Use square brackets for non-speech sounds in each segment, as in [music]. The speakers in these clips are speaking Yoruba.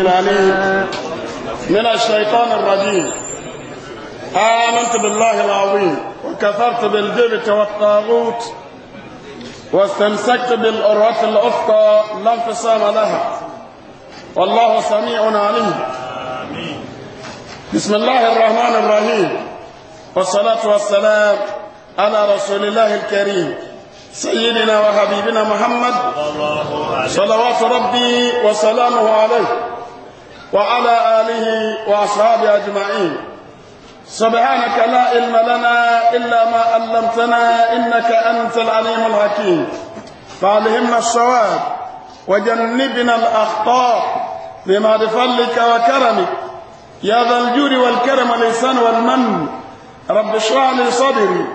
العليم من الشيطان الرجيم آمنت بالله العظيم وكفرت بالجبت والطاغوت واستمسكت بالأروة الأفقى لا انفصام لها والله سميع عليم بسم الله الرحمن الرحيم والصلاة والسلام على رسول الله الكريم سيدنا وحبيبنا محمد صلوات ربي وسلامه عليه وعلى آله وأصحابه أجمعين سبحانك لا علم لنا إلا ما علمتنا إنك أنت العليم الحكيم فعلهمنا الصواب وجنبنا الأخطاء بما بفضلك وكرمك يا ذا الجود والكرم والإحسان والمن رب اشرح لي صدري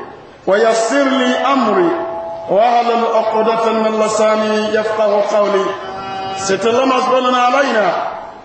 ويسر لي أمري واهل عقدة من لساني يفقه قولي ستر لما علينا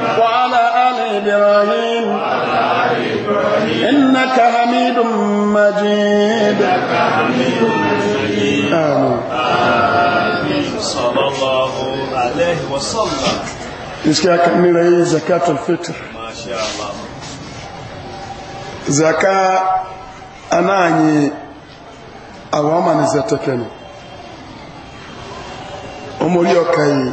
وعلى آل إبراهيم إنك حميد مجيد آمين صلى الله عليه وسلم Iske aka mira yi zakatul fitr. Zaka ana anyi awamani zata kenan. Omori ọka yi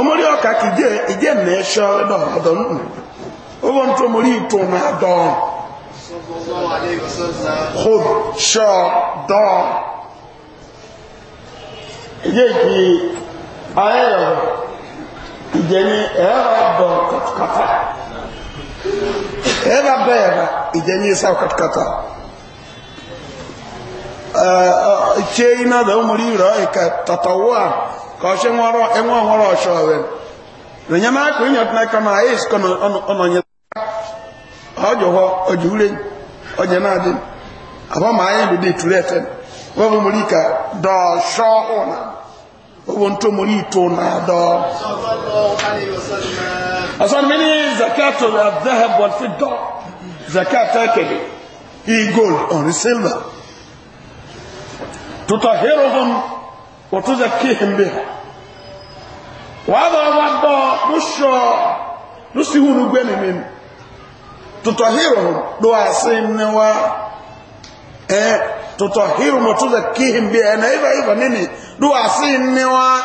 omori ọka ka ije ije na ẹṣọ ẹdọ ọdọ nnu owó ntọ omori ìtò na adọ hod ṣọ dọ ije ki ayẹyọ ije ni ẹrọ e dọ katakata ẹrọ e dọ ẹrọ ije ni isa katakata ṣe eh, eh, iná da omori ìrọ ìka e tatawa kɔsi ŋɔrɔ eŋɔ ŋɔrɔ sɔɔbɛn lɛnyɛmɛ akɔ yi nyɔtuna kama ayi sikɔnɔ ɔnɔ ɔnɔnyɛ ɔdzɔ hɔ ɔdzowure na adị. abụọ maa yi do dị tụrụ lɛ tɛ wɔbɔ ka dɔɔ sɔɔ ɔna wɔbɔ ntɔ mori na dọọ. ɔsɔni mi ni zakato adahɛ bɔnti i silva hero وتزكيهم بها وهذا وضع نشر نسيه نقول من تطهيرهم دعاء سيمنا eh tutahhiru wa tuzakkihim bi ana iba iba nini dua sinewa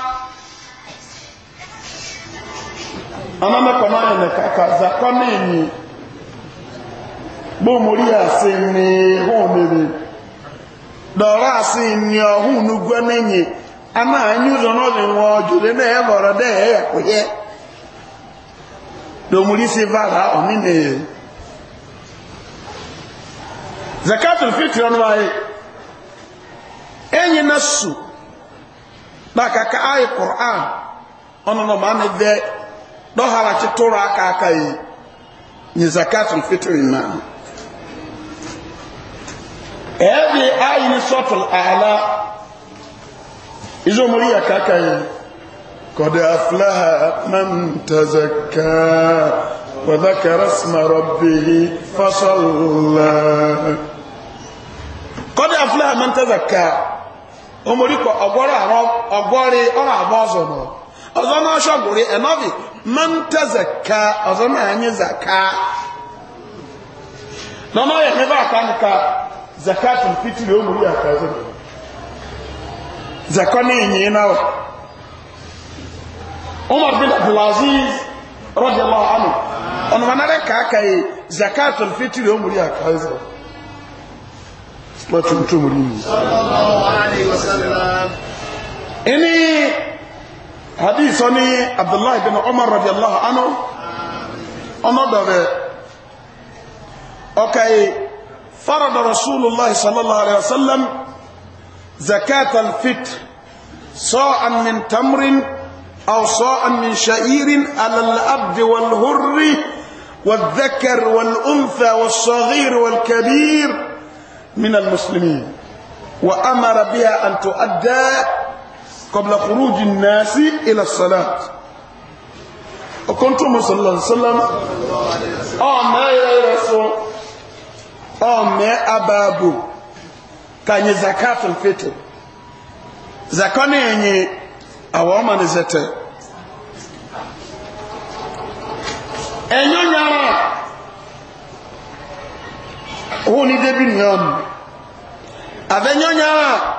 amama kwa maana kaka za kwa nini bo muri asini ho nini dora asini ho nugwa nini ama anyụzọ n'ọdị nwa ọjụrụ na ya lọrọ dị ya ya kwụhie domuli si vara ọmịnị zakatul fitri ọnụ anyị enyi na su maka ka anyị kụrụ quran ọnụnọ ma na ebe dọghachi tụrụ aka aka yi nye zakatul fitri na ebe anyị sọtụl ala izo muri ya kaka yi قد أفلح من تزكى وذكر اسم ربه فصلى قد أفلح من تزكى omoriko ọgọrọ zaka omori زكوني ينينو عمر بن عبد العزيز رضي الله عنه ان وانا لك كاي زكاه الفطر يوم ليا كايزا سمعت انتم صلى اني حديثني عبد الله بن عمر رضي الله عنه عمر ده اوكي فرض رسول الله صلى الله عليه وسلم زكاة الفطر صاعا من تمر أو صاعا من شعير على الأبد والهر والذكر والأنثى والصغير والكبير من المسلمين وأمر بها أن تؤدى قبل خروج الناس إلى الصلاة وكنتم صلى الله عليه وسلم أعمى يا رسول أعمى أبابو kanyi zakatul fitr zakoni yenye awomani zete enyo nyara woni debi nyam avenyo nyara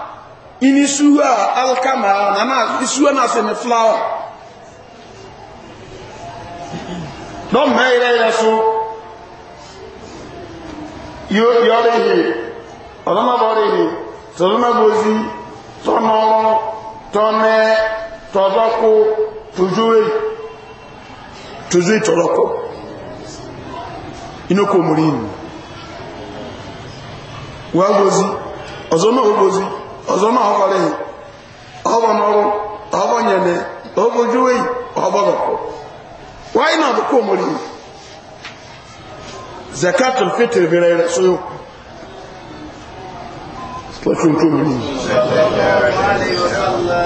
ini suwa alkama nana isuwa na semi flower don mayra yaso yo yore here ọ̀dọ́mà bọ̀rọ̀ èdè tọ̀dọ́mà bọ̀sí tọ́nọ́rọ́ tọ́nẹ́ tọ́dọ́kú tùjúwé tùjúwé tọ́dọ́kú inú kò múrí ìlú wà bọ̀sí ọ̀zọ́mà bọ̀sí ọ̀zọ́mà ọkọ̀rẹ̀ ọbọ̀nọ́rọ́ ọbọ̀nyẹ̀lẹ̀ ọbọ̀júwé ọbọ̀dọ̀kú wáyé náà na múrí ìlú zekatul fitr bẹ̀rẹ̀ rẹ̀ لكن تؤمنون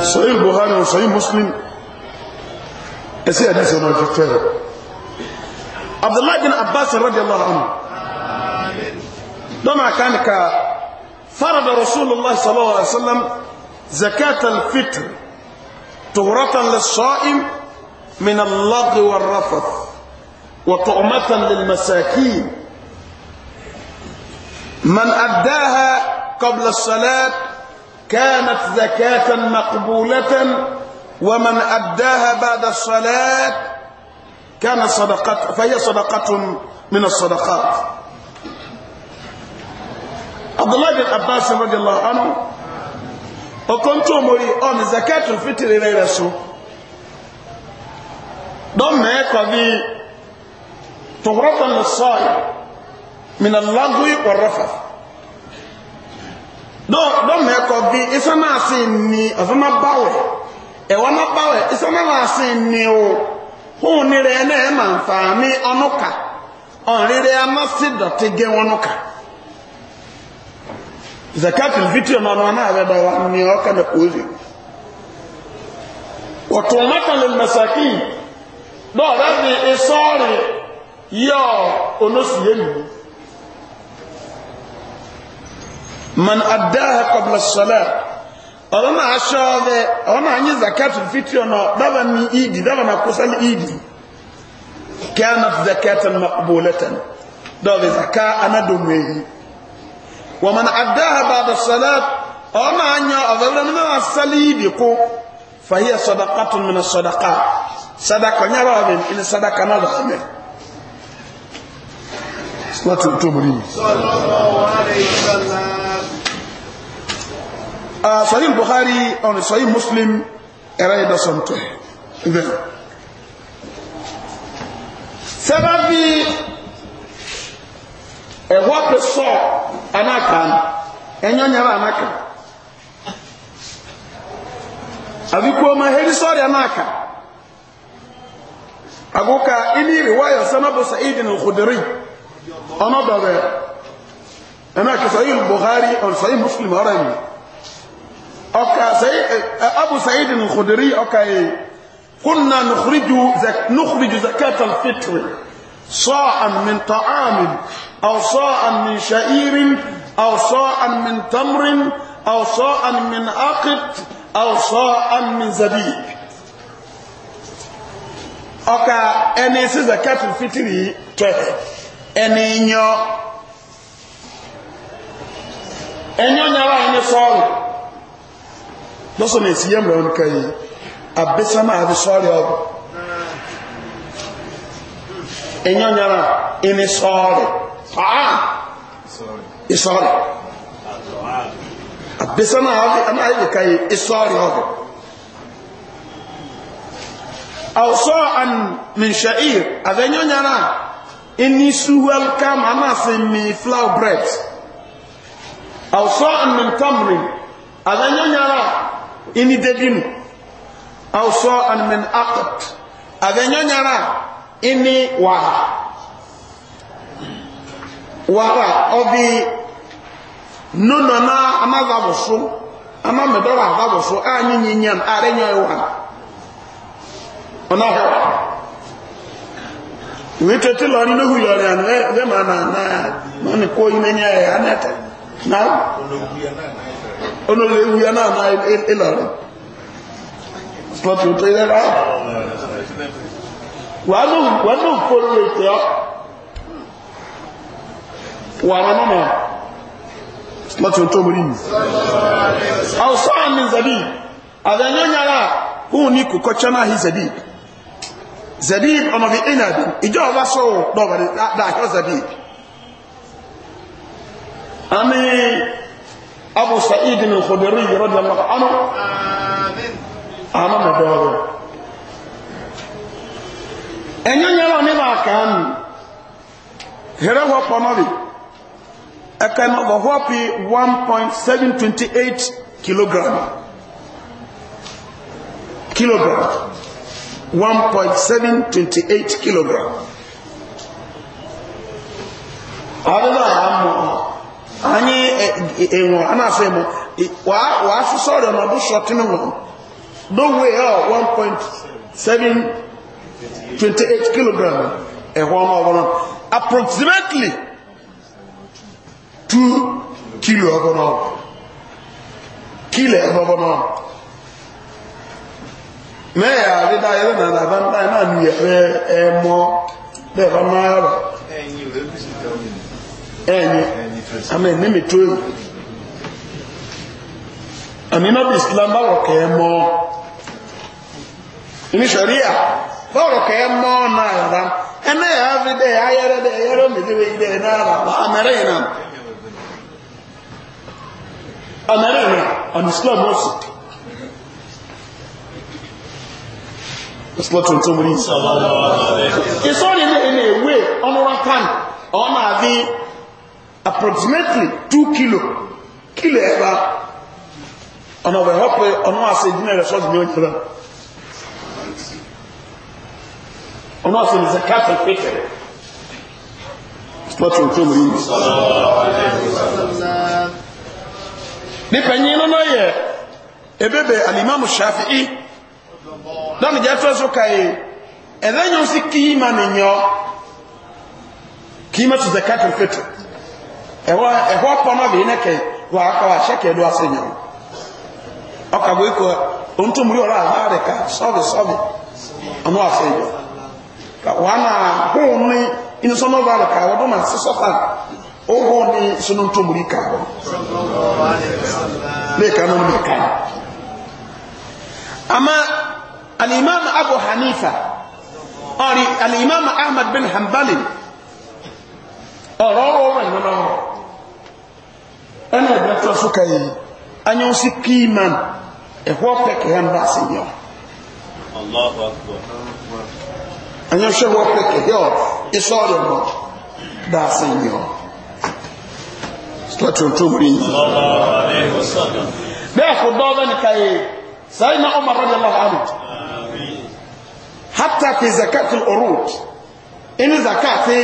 صحيح البخاري وصحيح مسلم اسي حديث ما الفتاه عبد الله بن عباس رضي الله عنه لما كان ك فرض رسول الله صلى الله عليه وسلم زكاة الفطر طهرة للصائم من اللغو والرفث وطعمة للمساكين من أداها قبل الصلاة كانت زكاة مقبولة ومن أداها بعد الصلاة كان صدقة فهي صدقة من الصدقات عبد الله بن عباس رضي الله عنه وكنت أمري أن زكاة الفطر إلى رسول ضم يقضي طهرة للصائم من اللغو والرفث dɔmɛ kɔ bi isama ase ni ɔfama bawɛ ɛwɔma bawɛ isama ase ni o hóun ni rɛ ɛma nfaani ka dɔte gɛ zakati wa ni ɔka na wɔtɔn le masaki onosi yɛ man addaha qabla salat ọ̀rọ̀ náà aṣọ ọ̀rẹ́ ọ̀rọ̀ náà anyi zakatu fitri ọ̀nà dábà ní ìdì dábà na kó sálẹ̀ ìdì kẹ́ẹ̀nà zakatan maqbulatan dọ́ọ̀rẹ́ zaka anadomu èyí wọ́n man addaha ba'da salat ọ̀rọ̀ náà anyọ ọ̀rẹ́ náà sálẹ̀ ìdì kó fahiyya sadaqatun min sadaqa sadaka nyara ọ̀rẹ́ ní sadaka náà lọ́sọ̀rẹ́ láti tó mú rí mi. sọ́dọ̀ Ah, sahih buhari on sahih muslim ẹ̀rẹ́ ìdọ́sọ̀ntọ̀ ibẹ̀ sẹ́bàbí ẹ̀họ́ pẹ̀sọ̀ anáka ẹ̀nyọ́nyẹ́rẹ́ anáka àbíkú ọmọ herisọ́ọ̀rì anáka agúka ilé ìrìwáyọ̀ sanabu sa'idin al-khudiri ọ̀nà dọ̀bẹ̀ ẹ̀nà kìsọ̀ yìí buhari on sahih muslim ọ̀rẹ́ mi أبو سعيد الخدري أكا كنا نخرج زك... نخرج زكاة الفطر صاعا من طعام أو صاعا من شعير أو صاعا من تمر أو صاعا من أقط أو صاعا من زبيب أكا أني سي زكاة الفطر أني نيو أني نيو أني صاعي lọ́sọ̀ ní ìsìyẹ́ mìíràn ní kẹyì àbẹ́sàmà àti sọ́ọ̀rì ọ̀dọ̀ ẹ̀yàn yàrá ẹni sọ́ọ̀rì fàá ìsọ́ọ̀rì àbẹ́sàmà àti kẹyì ìsọ́ọ̀rì ọ̀dọ̀ àwòsọ́ àmìṣẹ́ìr àbẹ́yàn yàrá ẹni suwẹ́lká màmá sí mi flour bread àwòsọ́ àmìntàmìrì àbẹ́yàn yàrá ini dedim aw sa'an min aqd avenyo nyara ini wara wara obi nono na amaga busu ama medora aga busu anyi nyinyam arenyo ewa ona ho wito ti lori e, e, no hu lori na mani ko ya na olórí ewu yẹn náà náà ìlọrin slọtù tó yẹ rà wàánù wàánù kóró ètò ọ wàrà mọ́mọ́ slọtù tó mú yìí ọ̀sọ́ àmì zẹ̀bí nyara òun ní kòkó chana hi zẹ̀bí zẹ̀bí ọmọ bíi ẹ̀yàdì ìjọ ọba sọ̀rọ̀ أبو سعيد الخدري رضي الله عنه أمام دوره ẹ̀yẹ́ yẹ́rọ ní bá kàá nù hẹ́rẹ́ họ́ pọ̀nọ́rì ẹ̀kẹ́ ní ọ̀gọ̀ họ́ 1.728 kilogram kilogram 1.728 kilogram àdúrà àmọ́ anyị enwe a na-asị wa asụsụ ọrịa na bụ shọtin nọ dowe 1.728 kilogram ịhụ ọma ọbụla approximately 2 kilo ọbụla kilo ọbụla mee ya adịda ya na na ya ẹ̀yìn àmì ní mi tó èyí àmì náà bí islam bá rọ̀ kẹ́ mọ́ ní ṣọ̀ríà bá rọ̀ kẹ́ mọ́ náà yàrá ẹnẹ́ yà á fi dẹ̀ ayẹ́rẹ́ dẹ̀ ayẹ́rẹ́ mẹ́lẹ́wẹ́ yìí dẹ̀ náà rà àmẹ́rẹ́ yìí náà àmẹ́rẹ́ yìí náà àmì islam ó sì Islam tuntun mú ní ìsọ̀rọ̀ ní ilé ìwé ọ̀nà ọ̀nà àbí approximately two kilo kilo ẹba ọ̀nà ọ̀bẹ̀ họ́ pé ọ̀nà àṣẹ ìdínà rẹ̀ sọ́ọ̀tì ní oúnjẹ rẹ̀ ọ̀nà àṣẹ ìdínà káàtì pété spọ́tì òkú omi yìí nípa ẹ̀yìn nínú yẹ ebébè alimamu shafi i lọ́nà jẹ́ tó ẹ̀sọ́ káyé ẹ̀lẹ́yìn ó sì kí ìmà nìyàn kí ìmà tó zakatul fitr ẹ̀họ́ ẹ̀họ́ pọ́nà bìí nẹ́kẹ̀ wà á kọ́ àṣẹ́kẹ̀ ló àṣẹ yàn ọkà bó ikọ̀ ohun tó múlò ọ̀rọ̀ àbá rẹ̀ ká sọ́ọ̀bì sọ́ọ̀bì ọ̀nà àṣẹ yàn wà á náà hóun ní inú sọ́nà ọ̀rọ̀ rẹ̀ ká ka. hanifa ahmad bin hanbali ɛna ɛbɛ tɔ so ka yi anyɛ nso pii man ɛhɔ pɛ kɛhɛ mba ase nyɛ anyɛ hwɛ hɔ pɛ kɛhɛ ɔ esɔ yɛ mɔ da ase nyɛ sɔ tuntum ri nyi bɛɛ ko dɔɔ bɛ ne ka yi sɛɛ na ɔma rɔdɛ lɔ hanu hatta fi zakatul urud ɛni zakati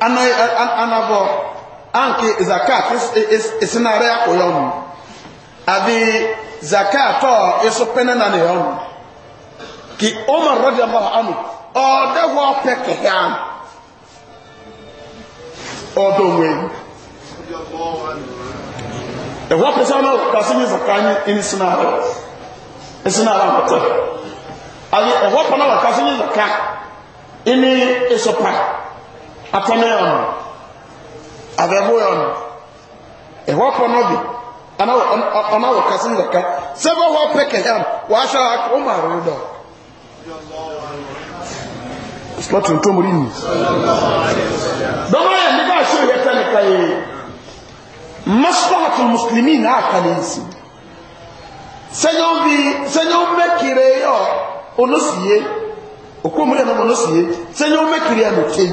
anabɔ anke zakat isinare akɔyɔ mu abi zakat ɔ iso pɛnɛ na ne yɔ mu ki omar rɔdi alahu anu ɔdɛ wɔ pɛ kɛhɛa ɔdɔ nwe ɛwɔ pɛsɛ ɔno kasi mi zaka, ni isinare isinare akɔtɔ abi ɛwɔ pɛnɛ wɔ kasi mi zaka, ini iso pa atɔnɛ yɔ mu abɛboɛ ɔno ɛhɔ kɔ no bi ana ɔna wɔ kase no daka sɛ bɛ hɔ pɛ kɛhɛ no wɔahyɛ akɔ wo ma arere dɔ sɔ tontom ri ni dɔbɔ yɛ ne baa hyɛ yɛ tɛ ne ka ye maslahatul muslimi na aka ne nsi sɛnyɛw bi sɛnyɛw mɛkire ɔ ɔno sie okomri ɛnam ɔno sie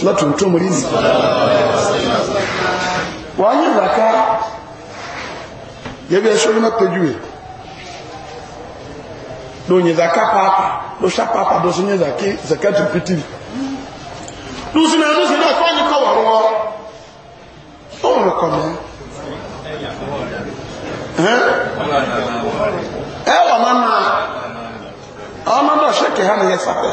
látò tó mú rízi wà á yí ìlàká gẹ́gẹ́ ẹṣọ́ iná péjú ẹ̀ ló yìn ìlàká pàápàá ló ṣá pàápàá ló sì ní ìlàkí zakatu piti ló sì náà ló sì náà fáyé kọ́ wà rọ́ ó ń rọ̀kọ̀ mẹ́ ẹ wà máa ọmọdé ọ̀ṣẹ́kẹ̀ hàn yẹ sáfẹ́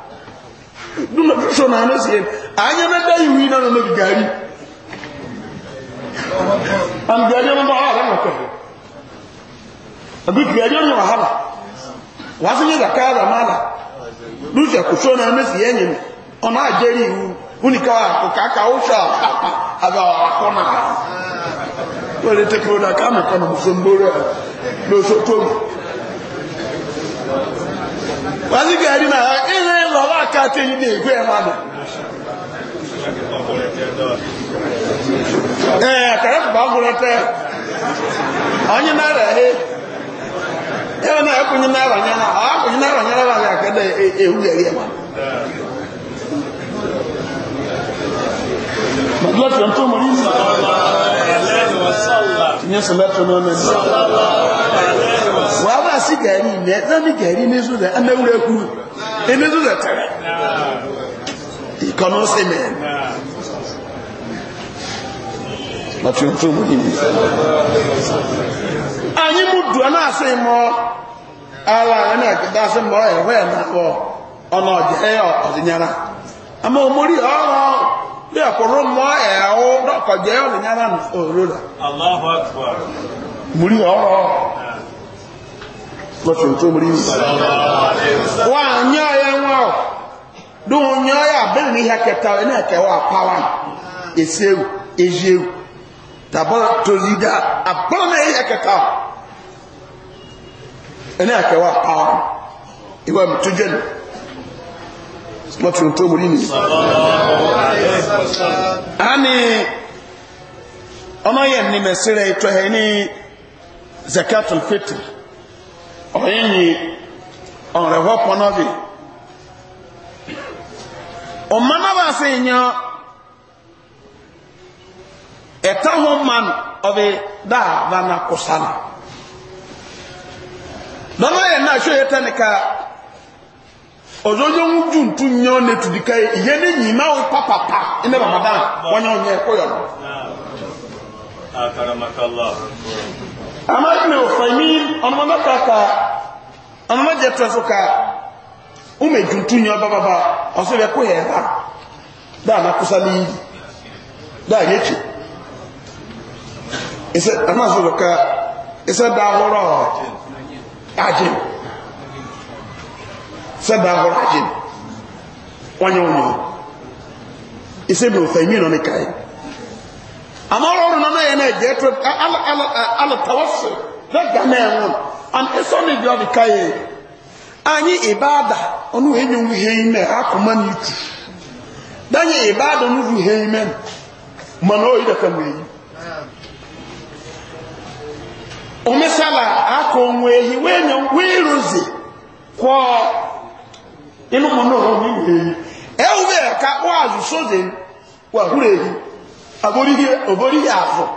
duma so na ano sie anya na da yiwi na no gari am gari na ba ala na ko abi gari na ha ba wasu ne zakka da mala du se ku so na ano sie nyi ona ajeri iwu unika ko kaka o sha aba ko na wale te ko na kama kama msomboro lo so to wazi gari na eh ọ̀rọ̀ bá káàkiri yìí ní ìgbé ẹ̀mà nù. Ẹ̀ẹ́ àkàrẹ́ kò bá gbọ́rọ̀ tẹ́. Ọ̀nyí mẹ́rẹ̀ ẹ̀ ẹ̀rọ náà ẹ̀kùnyi mẹ́rẹ̀ nyẹ́nà ọ̀kùnyi mẹ́rẹ̀ nyẹ́nà wà ní àkẹ́dẹ̀ ewu ẹ̀rí ẹ̀mà. Màdúrà tí wọ́n tó mọ̀ ní ìsìn. Ìyẹn sọ̀rọ̀ tó náà mẹ́rin. Wàá bá sí gẹ̀rí ilẹ̀, náà ní gẹ̀rí ní sùn emezu zẹtẹrẹ ìkọ́nà sí mi láti ojú mú ìmì anyị mú dùn náà sí mọ́ ara ẹni ẹ̀kẹ́dá sí mọ́ ẹ̀wẹ́ ẹ̀nàpọ̀ ọ̀nà ọ̀jẹ́ ọ̀dìnyára àmà òmórí ọ̀rọ̀ bí ẹ̀kọ́rọ̀ mọ́ ẹ̀họ́ dọ́kọ̀jẹ́ ọ̀dìnyára òrórà múrí lọ́tún tó mú wà nyọ́ ya wọ́n dùn nyọ́ ya bẹ́ẹ̀ ní ihe kẹta ẹni ẹ̀kẹwà pàwà èsèwù èjèwù tàbọ̀ tòlídà àbọ̀n ní ihe kẹta ẹni ẹ̀kẹwà pàwà ìwà mi tó jẹ́nu lọ́tún tó mú rí nìyí. àmì ọmọ yẹn ni mẹsìrẹ ìtọ́ ẹ ní zakatul fitr. ọ̀yẹ́yìn ọ̀rẹ̀wọ́ pọnọ́bì ọ̀mọ́nàbà sí yan ẹ̀tọ́ man ọ̀bẹ dáàbà na kùsànà lọ́nà yẹn náà ṣó yẹ tẹ́nìkà ọ̀zọ́jọ́ ń dùn tún yan ìyẹn ní yìí máa ń pàpàpà wọ́n yàn yẹn amma ibn ufaimin on ma kaka on ma jetta suka ume ọba baba ba oso be ko yeba na kusali da yeki ise amma ka ise da horo ajin se da horo ajin wanyo wanyo ise ibn ufaimin ama ọrụ nọ na ya na-eji etu alatawasị vega na-enwe and eso na ibi ọdịka ya anyị ada ọnụ enye nwe ihe ime akụma na itu danye ibada ọnụ bụ ihe ime mana oyi dọka mgbe yi omesala akụ onwe ehi wee nye wee rozi kwọ ịnụmụ n'ụlọ n'ihe ehi ewube ka wazụ sozi wahuru ehi obori yaafo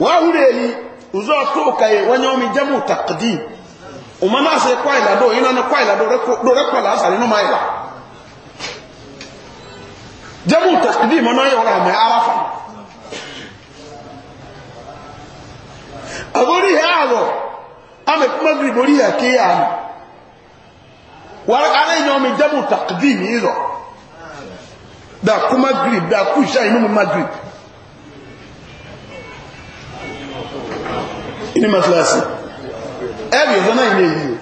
wahureni uzo tuka ye wanyomi jamu taqdim umana se kwa ila do ina na kwa ila do reko do reko la asari no maila jamu taqdim ona yo ra me arafa obori yaafo ame kuma gribori ya ke ya wara ana nyomi jamu taqdim izo da kó magrib da ime ìṣá inú mu magrib inú masilasi ẹ̀rì ìwọ náà ilé yìí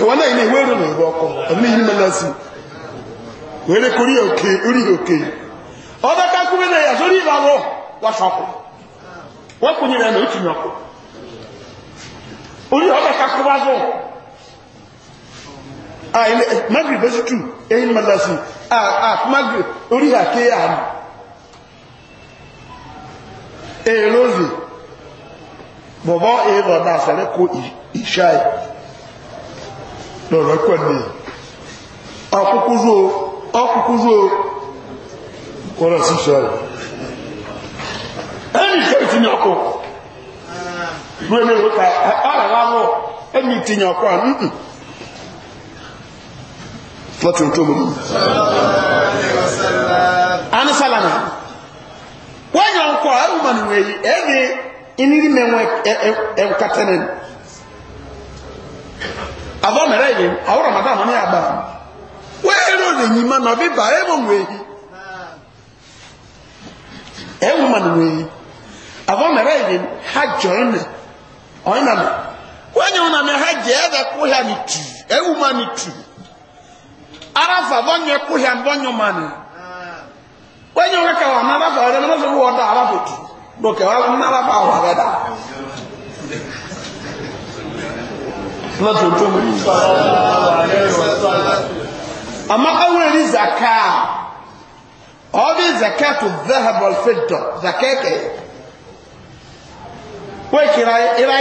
ìwọ náà ilé iwe ìrìnà ìwọ ọkọ ọdún yìí kori wéré ori òkè orí òkè ọdọ na náà yà sórí ìlànà wà sọkọ wọn kò nyere ẹnu ìtùnú ọkọ orí ọdọ kankúrú bá bẹ́sí ẹ̀yìn mọ̀lásí àkúmágbè orí àkéyà àmì èròzì bọ̀bọ̀ èrò ọ̀dá àṣàrẹ́ kó ìṣá ẹ̀ lọ́rọ̀ pẹ̀lú ọkùnkúzó kọ́rọ̀ sí ṣọ́ ẹ̀ ẹni ṣe ìtìní ọkọ̀ lórí ẹni ìwọ́ta ọkụ ẹni ìtìní láti òtó mọ̀ ní sálàmà wọ́n yàn ọkọ̀ ẹ̀rùmà nìwẹ̀ yìí ẹ̀ẹ́dẹ̀ inírí mẹ́wọ̀n ẹ̀kàtẹ́nẹ̀ àbọ̀ mere yìí àwọn ramadan ní àgbà wọ́n èrò lè yìí mọ́ nà bíbà ẹ̀mọ̀wẹ̀ yìí ẹ̀rùmà yìí àbọ̀ yìí ọ̀nà wọ́n yàn yà ní arafa bɔnyɛ kuhɛn bɔnyɛ mani wɔnyɛ wɔn kɛ wɔn arafa wɔn arafa wɔn da arafa tu do kɛ wɔn arafa na tó tó mu to fedɔ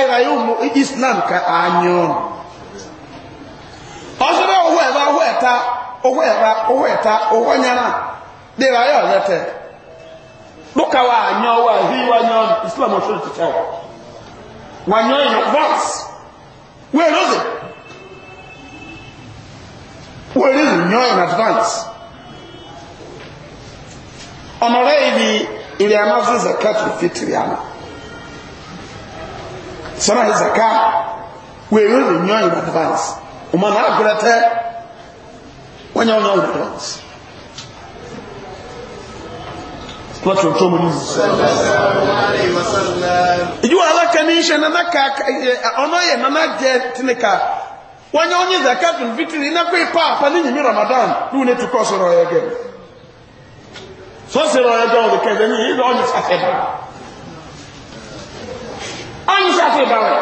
kɛ yi mu islam ka anyo ɔsɛ bɛ ɛba hɔ ɛta. owó ẹ̀ra owó ẹ̀ta owó nyara dèrè ayé ọ̀rẹ́ tẹ lóka wa ànyọ wa èyí wa nyọ islam ọ̀ṣọ́ ti tẹ ọ wà nyọ èèyàn voice where is it where is it in advance ọ̀nọ̀rẹ́ ibi ilẹ̀ àmà fún zakat fitiri àmà sọ́nà zakat where is it nyọ in advance ọmọ náà gbẹrẹ tẹ wọ́n yà wọ́n yà wọ́n Láti ọ̀tọ́ mọ̀ ní ìjúwà aláka ní ṣe ọ̀nà yẹ nana jẹ tini wọ́n yẹ onye zakat fitiri iná pé ipa àpá ní ramadan ní wọn ètò kọ́ sọ̀rọ̀ ọ̀yẹ́ gẹ̀. Sọ ọ̀yẹ́ gẹ̀ ọ̀dọ̀ kẹ̀lẹ́ ní ìlú ọ̀nyí sàfẹ́ bá. Ọ̀nyí sàfẹ́ bá wẹ̀.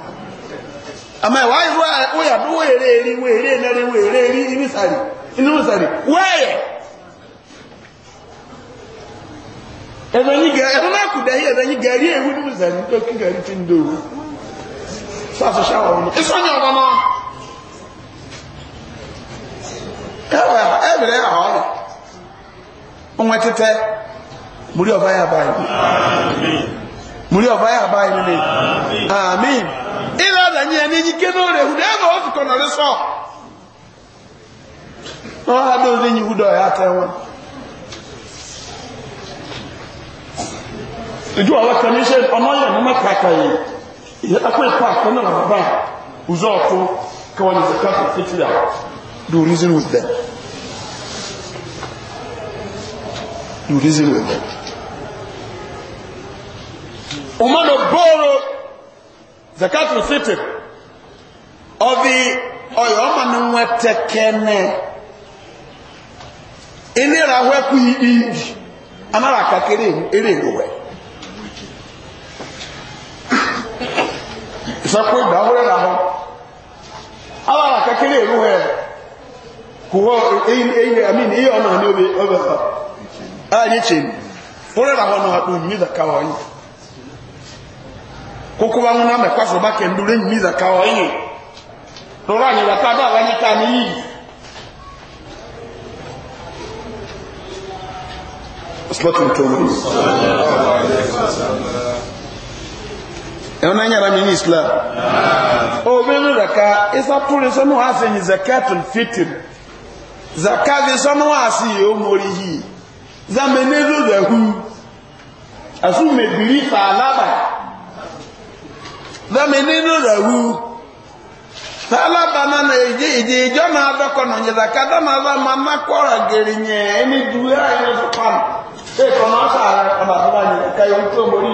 àmà ìwà ìwà òyàdó wèrè rí wèrè lẹ́rin wèrè rí inúsàrí inúsàrí wẹ́ẹ̀ ẹ̀rọ náà kù dẹ̀ ẹ̀rọ yìí gẹ̀rí ewu inúsàrí tó kí gẹ̀rí ti ń dòwú sáàsù ṣáwọ̀ ọ̀nà ìsọ́nyẹ̀ ọ̀nà náà ẹ̀rọ ẹ̀rẹ̀ àwọn ọ̀rọ̀ ọmọ títẹ́ múrí báyìí múrí ọ̀bá yà báyìí nílé àmín ẹni ẹni yìí ké náà rẹ̀ hùdẹ́ ẹ̀mọ́ òfin kọ̀nà rẹ̀ sọ. wọ́n á dóòdì yìí hùdọ̀ ẹ̀ àtẹ̀wọ̀n. ìjú àwọn kan ṣe ọmọ yẹn mọ́ mẹ́kàkà yìí ìyẹn akọ́ ìkọ́ àkọ́ náà bàbá ùzọ́ ọ̀tún kẹwàá ní zakat fitria do reason with them. do reason with them. Umano boro zakat fitria ọbi ọyọ ọma na nwa tekene enira ahụ ekwu iyi anara akakere ere erowe ìsọpọ ìgbà ọhụrụ na ahụ anara akakere erowe kụwọ eyi amin ihe ọma na obe obe ọ anyị ọhụrụ na ahụ na akpụ mmiri kawa onye kụkụwa nwụna mekwasọ gbake enyi mmiri kawa onye rọrọ àyẹ̀wò àtàdá àwọn ẹni ká ní yìí slọtun tó wù ẹ̀wọ̀n náà yàrá mi ní islam obìnrin rẹ̀ ká ìsàtúrẹ̀ sọ́nù wá sí ní zakatul fitr zakavi sọ́nù wá sí yóò mórí yìí zamenezo rẹ̀ hu àsùnmẹ̀bìrì fàlábà zamenezo rẹ̀ hu sálábà náà na ìdí na ìjọ náà dọ́kọ̀ nà nyẹ̀dá kádà náà bá máa ná kọ́ra gèrè nyẹ̀ ẹni dùwé ayé ló fún ẹ kọ́ náà sàrà ọ̀nà tó bá nyẹ̀ ká yóò tó mórí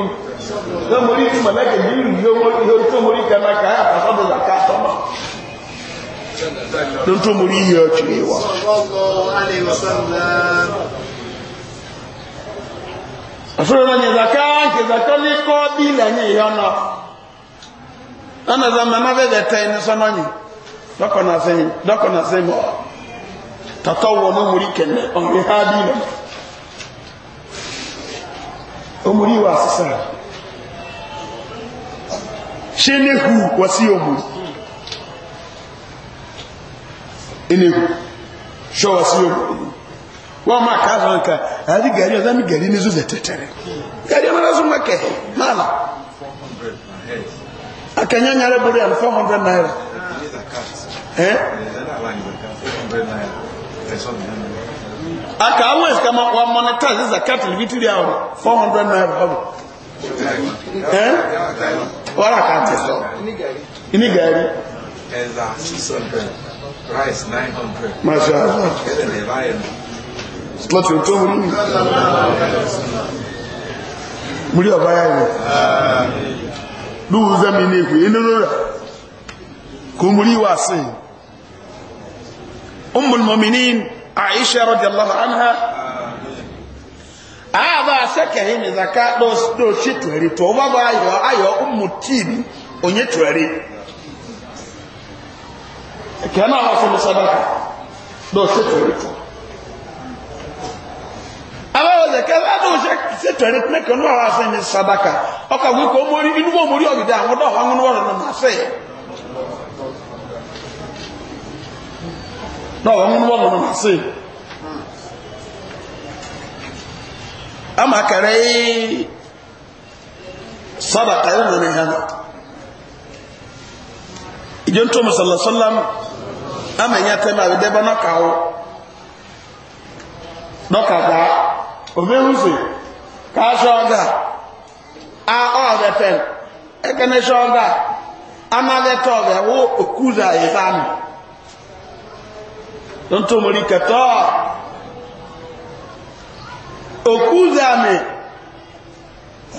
yóò mórí tí mọ̀ lẹ́kẹ̀ yìí rù yóò tó mórí kẹ́mẹ́ ká yà kà sọ́dọ̀ zàká tọ́mọ̀. tó tó mórí yìí ọ̀tù yìí wá. àfẹ́rẹ́ náà nyẹ̀ zàká nkè zàká ní kọ́ bí ilẹ̀ nyẹ̀ yọ náà. ana za mama bebe tai ni sononyi doko na sey doko na sey mo tatawo mo muri kenne on bi hadi na o muri wa sasa shene hu wasi o muri ene hu sho wasi o muri wa ma ka zo nka hadi gari o zami gari ni zo zetetere gari ma na zo make mala 400 na head akanya nyare bori al 400 naira eh aka always kama wa monetize cat libitili yao 400 naira hapo eh wala kati so ini gari eza 600 rice 900 mashallah slot yoto muri muri abaya ni amen ah lóòzẹ́ mi ní ìpè inú rẹ̀ kò mú ríwà sí ọmọlmọ̀mìnì àìṣẹ́ rọ̀dẹ̀lọ́rọ̀ anha àbá sẹ́kẹ̀ẹ́ ní zaka lóòṣì tùrẹ̀ tó bá bá ayọ̀ ayọ̀ ọmọ tíìbì onye tùrẹ̀ kẹ́ náà wọ́n fún mi sọ́dọ̀kà abáwọlẹ̀ kẹfà tó ṣe ṣètọ̀rẹ́ mẹ́kọ̀ ní ọ̀rọ̀ àṣẹ ní sadaka ọkà wípé omori inú omori ọ̀gìdá àwọn ọ̀dọ́ àwọn ọ̀nà ọ̀rọ̀ náà ṣe yẹ náà náà ṣe a máa kẹrẹ sàdákà na lónìí hàn ìjọ tó mùsàlùsọ́lá a máa nyà tẹ́ máa rí dẹ́bọ́n náà kàwọ́ náà omehusi kaasọ ọga a ọbẹ pẹm ekenesi ọga amadẹtọ ọbẹ wo okuza ifeanyi ntomori kẹtọ okuza mi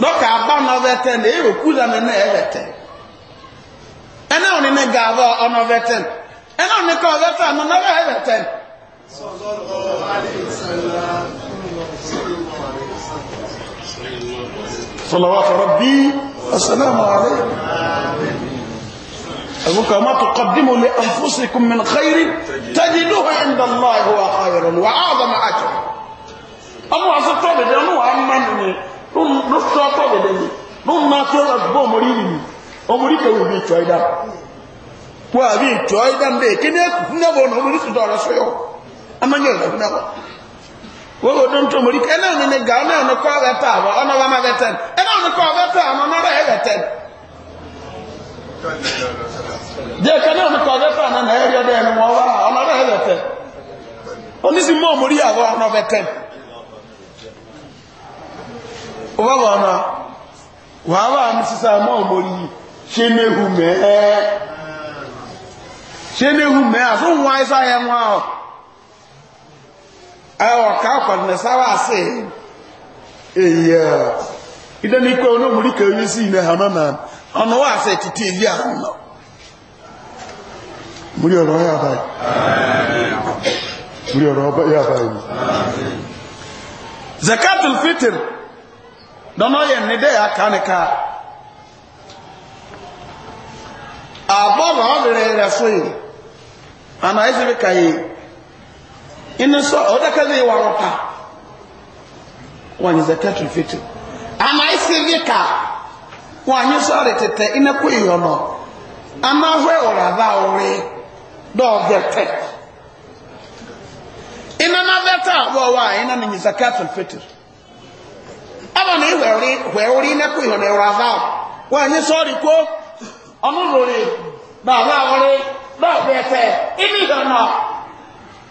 dọka aba n'ọbẹ tẹ na eyi okuza mi na ẹbẹ tẹ ẹnna òní ni gaava ọnọbẹ tẹ ẹnna òní kọ ọbẹ tẹ ọnọbẹ ẹbẹ tẹ. صلوات ربي السلام عليكم أقولك ما تقدموا لأنفسكم من خير تجدوه عند الله هو خير وعظم أجر أما أصدقائي لأنه أمامني نستطيع لدي نون ناصر أسبوع مريني أمريكا يبي تشايدا وأبي تشايدا بي كنت نبون أمريكا دارا سيو أما نيرا نبون wọ́n odò ntọ́ mọ̀rí ẹ̀ náà nínú ga ọ̀nà ọ̀nà kọ́ ọ̀bẹ tà àbọ̀ ọ̀nà ọ̀bẹ bẹ tẹ̀ ẹ̀ ọ̀nà kọ́ ọ̀bẹ tẹ̀ àmọ́ ọ̀nà ọ̀bẹ tẹ̀. díẹ̀ ká náà ọ̀nà kọ́ ọ̀bẹ tẹ̀ àná ẹ̀rí ọ̀dọ̀ wọ́n wá ọ̀nà ọ̀bẹ tẹ̀ mọ̀rí ọ̀nà ọ̀bẹ tẹ̀. ọ̀nà ọ̀ka ọ̀kọ̀dùnmẹ̀ sáwà sí èyẹ ìdẹ́ ní pé olóòmùrí kẹrì sí ilẹ̀ hàn náà ọ̀nà wà sí títí ilé àwọn náà múrí ọ̀rọ̀ yà báyìí múrí ọ̀rọ̀ yà báyìí zakatul fitr dọ́nà yẹn ní dẹ́ àkànníkà àbọ̀bọ̀ ọ̀bẹ̀rẹ̀ rẹ̀ fún yìí àná ẹ̀sìn kàyé ina so odaka zai waro ka wani zakatul fitr ama isi vika wani so re tete ina ku iyono ama hwe ora ba ore do gete ina na veta wo wa ina ni zakatul fitr ama ni hwe ori hwe ori na ku iyono ora ba wani so ri ko onu lori ba ba ore ba gete ibi iyono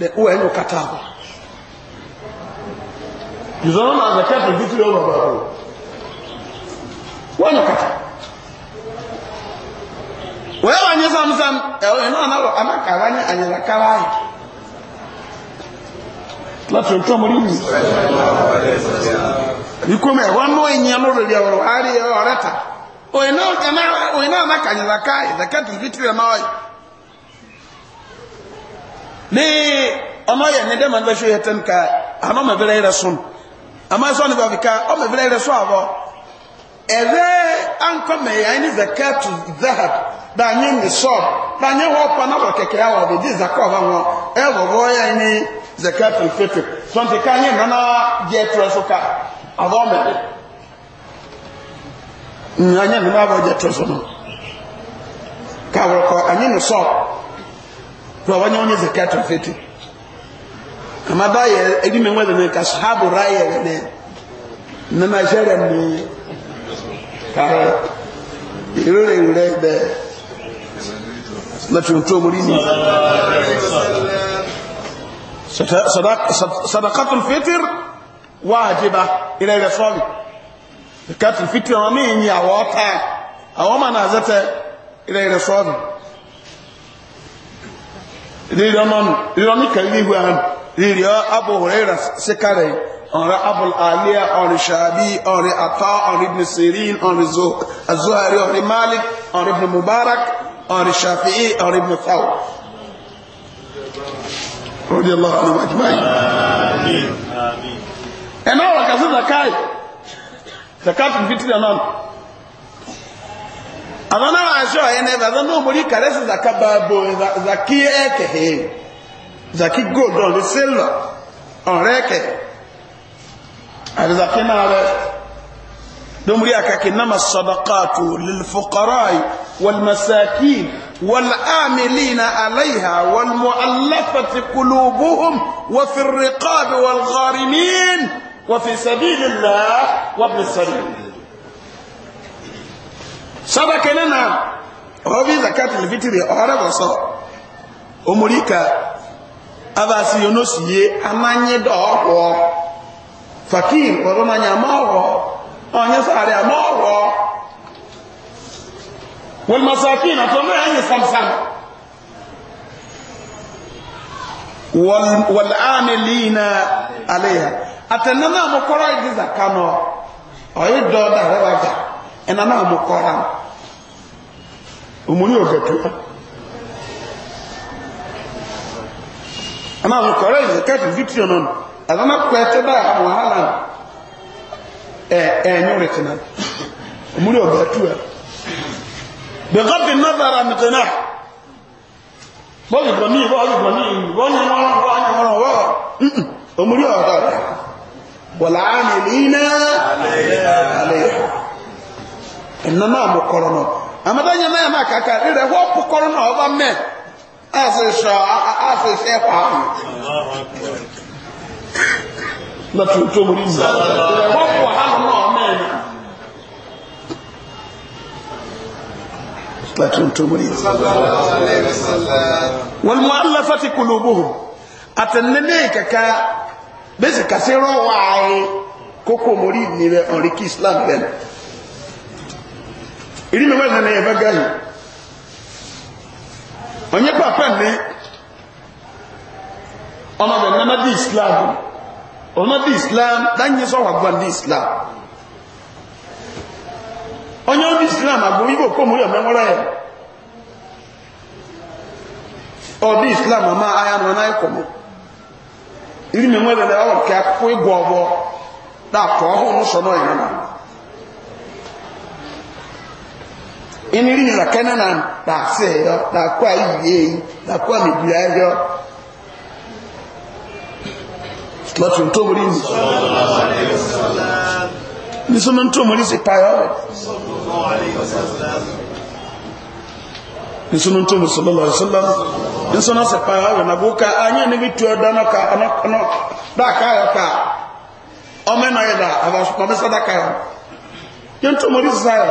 the UN Qatar. You don't know the church will give you over Bible. When Qatar. Well, I need some some. You know, I'm not going to I'm not going to láti ọjọ́ mọ́ nínú ìkómẹ̀ wọ́n mọ́ ènìyàn lórí ọ̀rọ̀ àárí ọ̀rẹ́ta òyìnbó náà kànyìn zaka ìzakẹ́tù fítìrì náà ne ɔno yɛ ne dɛm anibɛhwɛ ka ama ma bɛrɛ yɛrɛ som ama sɔ ne baabi ka ɔma bɛrɛ yɛrɛ so abɔ ɛrɛ ankɔ mɛyɛ ne zaka tu zahab danye ne sɔb danye pa di zaka ɔba hɔ ɛwɔ bɔ yɛ n'i zaka tu fete ka nye nana na tɛ so ka abɔ mɛ nyanye nana abɔ ka ne kwa wanyoonye zakat ya fitri kama baye elime ngwele ne kashabu raye ne na majere ni kare irure irure be na tuntu murini sadaqatul fitr wajiba ila ila sawi zakatul fitr wa min ya wata awama na zata ila ila sawi rírọ́nì kàríhù àn rírọ́ abúhùrẹ́rà síkàrẹ̀ ọ̀rẹ́ abúlàlíà ọ̀rẹ́ ṣàbí ọ̀rẹ́ àtọ́ ọ̀rẹ́ ibn sirin ọ̀rẹ́ azuhari ọ̀rẹ́ malik ọ̀rẹ́ ibn mubarak ọ̀rẹ́ shafi'i ọ̀rẹ́ ibn faw ẹ̀nà ọ̀rọ̀ kàzí zakai zakai fìtìlẹ̀ náà abana basho ene bazano muri karese zakababo zaki ekehe zaki gold on silver on reke ari zaki na re do muri akake nama sadaqatu lil fuqara'i wal masakin wal amilina 'alayha wal mu'allafati qulubuhum wa fi ar-riqab wal gharimin sadaka ne na obi zakat lifitiri ɔhara bɔ sɔ omorika abasi yonosie amanyi dɔ ɔwɔ fakir ɔbɛ manyi ama ɔwɔ ɔnyɛ sari ama ɔwɔ wɔlmasakin atɔmɔ yɛ anyi samsam wɔl wɔlamilina aleha atɛnana amokɔrɔ yi di zaka nɔ ɔyɛ dɔ da hɛ wa gba ɛnana amokɔrɔ. omuni ogatu ana zo kore zakat vitrio non azama kwete ba ha wahala eh eh nyore tena omuni ogatu بغض e. النظر عن جناح bọ́ọ̀lù ìgbọ̀n ní ìwọ́ọ̀lù ìgbọ̀n ní ìwọ́n ni wọ́n wọ́n ni wọ́n na amadanya na yana kaka rere hɔ kɔkɔrɔ na ɔba mɛ ase sɔ ase sɛ na tuntum ri mu rere hɔ kɔ ha na ɔmɛ na tuntum ri wɔn mu alafati kulubuhu atanene kaka bɛsi kase rɔ waaye koko mori ni bɛ ɔriki islam bɛ. iri wɛl hana na bɛga yi onye papa nne islam ɔno di islam danye sɔ wa ndị islam onye ɔdi islam agbụrụ yi k'o mu islam ama aya na iri iniriza kanana daseyo dakwa iyeyi dakwa mibirayo lọ́tún tó mú rí ní nísúnmọ́ tó mú rí sí payọ́ rẹ̀ nísúnmọ́ tó mú sọ́lọ́lọ́ ìsọ́lọ́ nísúnmọ́ sí payọ́ rẹ̀ nàgbó ká anyẹ́ níbi tí ó e dáná ká ọ̀nà dákáyọ̀ ká ọmọ ẹ̀nà ẹ̀dà àbáṣọ́mọ́mẹ́sọ́dákáyọ̀ yẹn tó mú rí sí sáyọ̀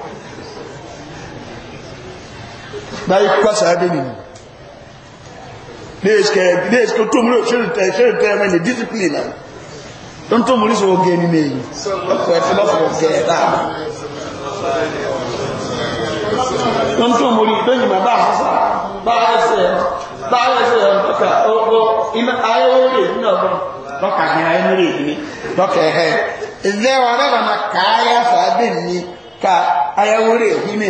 na ikwasa ade ni mu deske deske to mu shiri ta shiri ta mai discipline don to mu ri so ge ni ne yi ko e fela fo ge da don to mu ri don ni ma ba sa ba se ba se ka o o ina ayo ni na ba lọ́kà ní ayé múrí ìdíní lọ́kà ẹ̀hẹ́ ìzẹ́wà rẹ̀ bá na kààyà fàábìn ní ká ayé múrí ìdíní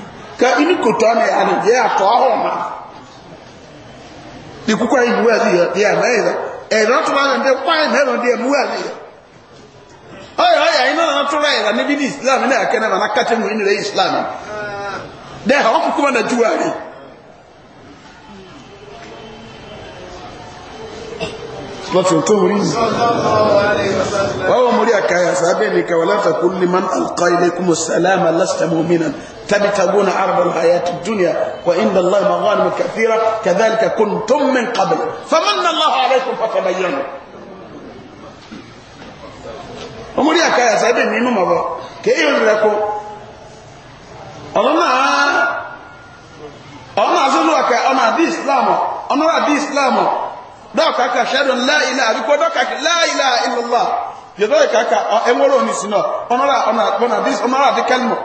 ka ini kota ne ya ne ya to aho ma di kukwa yi wa di ya e, ya na ya e ro to ba ne kwa ne ro di mu wa di oy oy ina na to ra ya ne bi islam na akena na nakate mu ni re islam de ha ko kuma na juwa ri lọ́tún tó rí ní wọ́n mú rí àkàyà sábẹ́ nìkan wọ́n látàkùn lè máa ń ilé kúmọ̀ sálámà lásìtàmù mìíràn تبتغون عرض الحياة الدنيا وإن الله مغانم كثيرة كذلك كنتم من قبل فمن الله عليكم فتبينوا أمور يا كايا سيدي نينو مبا كيف لكم أنا أنا أزلوك أنا دي إسلام أنا دي إسلام دوكا شهد لا إله بكو دوكا لا إله إلا الله يدوكا كا أمورو نسينا أنا أنا أنا دي أنا دي كلمه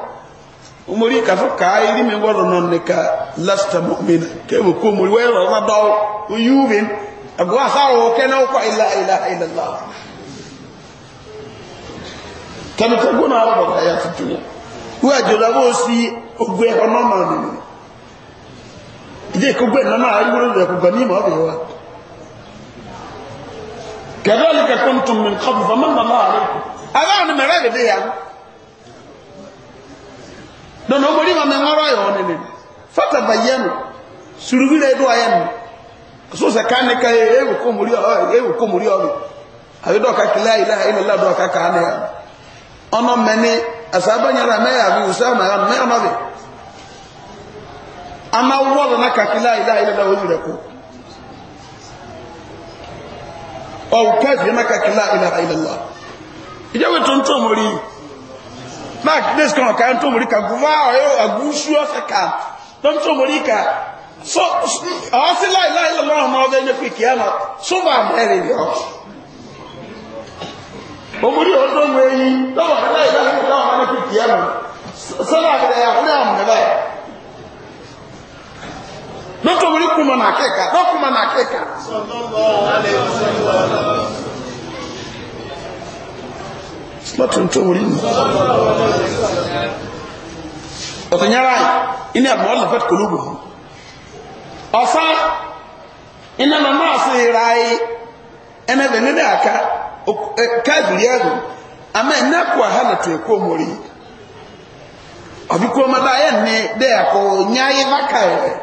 umuri ka fo ka iri mi woro non ne ka lasta mu'mina ke wo ko muri wero na daw uyubin agwa sawo ke na ko illa ilaha illa allah kan ka gona ro ba ya tunya wa jola wo si ogwe ono ma ni ide ko gbe na na ayuro de ko gani ma be wa كذلك كنتم من قبل فمن الله عليكم أغاني مرابي دي يعني don nobody bori ma me ngoro yo ne ne fata bayenu surubi le do ayenu so se kan ka e e ko muri o e ko muri o abi do ka kila ilaha illallah do ka ka ne ono meni asaba nyara me ya bi usama ya me ono bi ama wo na ka kila ila illallah o jure ko o ka bi na ka kila ilaha illallah ijawe tonto muri mark this kan ọ̀ka ń tó mọ̀rí ka gùnmá ọ̀yọ́ àgùnṣú ọ̀sẹ̀ ká tó ń tó mọ̀rí ka so ọ̀sẹ̀ don't lọ́wọ́ ọmọ ọdẹ ní pìkì ẹ̀ lọ súnmọ́ àmẹ́rin yọ. omori ọdọ mu eyi lọ́wọ́ láìláì lọ́wọ́ ọmọ ní pìkì ẹ̀ lọ sọ́nà àgbẹ̀dẹ̀ àkúrẹ́ àmúlẹ̀ don't come on, nà kíkà dọ́kùmọ̀ don't kíkà. on lọ́túntún orí mi ọ̀tọ̀nyára iná àmọ́ ọ̀lẹ́fẹ́ kòlógbò ọ̀fá iná nọ náà sí ra ayé ẹnẹ́bẹ̀ níbẹ̀ àká káàkiri ẹ̀rùn àmọ́ ẹ̀nà kò àhálẹ̀tọ̀ ẹ̀kọ́ mọ̀rí ya ọmọdé ayé ní dẹ́ àkọ́ nyáyé bákà ẹ̀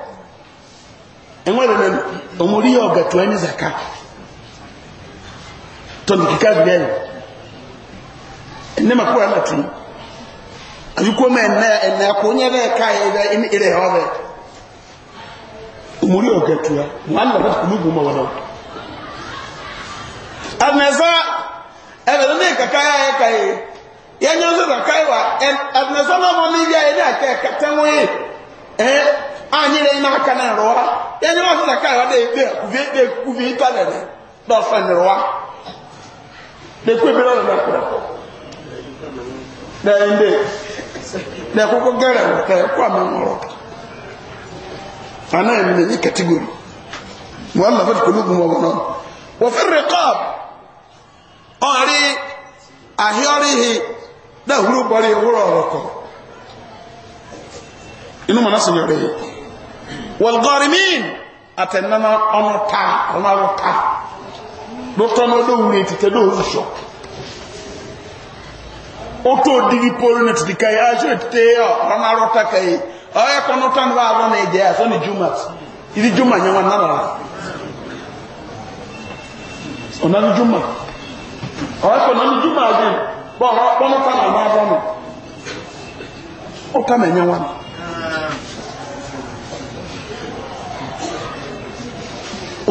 ẹ̀wọ̀n ẹni zaka ene ma kuwa lati ayuko ma na ene ko nye be ka ebe ime ire ho be umuri ogetua na ba kulubu ma wala ameza ebe ne ka ka ya e, ka ya ka ka wa mo ya ene ka ka tanwe eh anyere na aka na ro ya nyozo ka ka wa de de fa na kwa dẹ́yìndé dẹ́kókó gẹ́rẹ̀ ẹ̀kọ́ àmàmọ̀rọ̀ àná ẹ̀mìnà ní kẹtígórì wọ́n lọ́fẹ́ kòlógún wọn náà wọ́n fi rí kọ́ọ̀b ọ̀rí àhíọ́ríhi dáhùrú bọ́rí ìwúrọ̀ ọ̀rọ̀ kọ̀ inú mọ̀ náà sì yọrí wọ́n gọ́rí míì àtẹ̀nánà ọmọ ta ọmọ ta lótọ́ náà lówùrẹ́ ètìtẹ́ lóhùn ṣọ́ọ̀kì oto digi pol na tidi kai ajo te yo rana rota kai aya kono tan wa wa ne je aso ni juma idi juma nyawa na na ona ni juma aya kono ni juma aje bo ha kono tan na ma bo no o me nyawa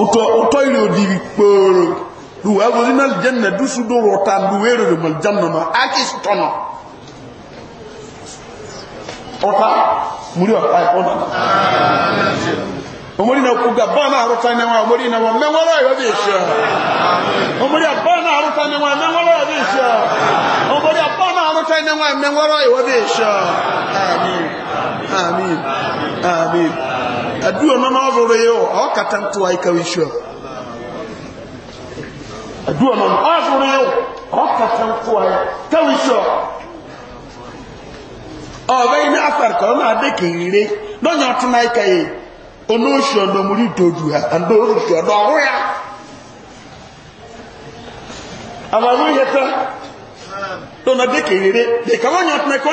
oto oto ile odigi pol duwa zozina aljanna du su do rota duwero de maljanna na aki su tono rota muri wa ai ona omori na kuga bana rota na wa omori na wa menwara yo de sha omori bana rota na wa menwara yo de sha omori bana rota na wa menwara yo de sha amin amin amin adu ona na ozoro yo o katantu ai kawisho ẹ̀dúwọ̀n náà ọ̀ṣùrù yóò ọ̀kàtà ń kó ayé tẹ́wì sọ ọ̀bẹ na afẹ́rẹ́kọ̀ ọ̀nà adékè rere lọ́nyà ọ̀tún àìkà yìí onóòṣù ọ̀dọ̀ múrí dojú ha ya àbàmú yẹ taa lọ́nà adékè rere dèkà wọ́n yà ọ̀tún ẹ̀kọ́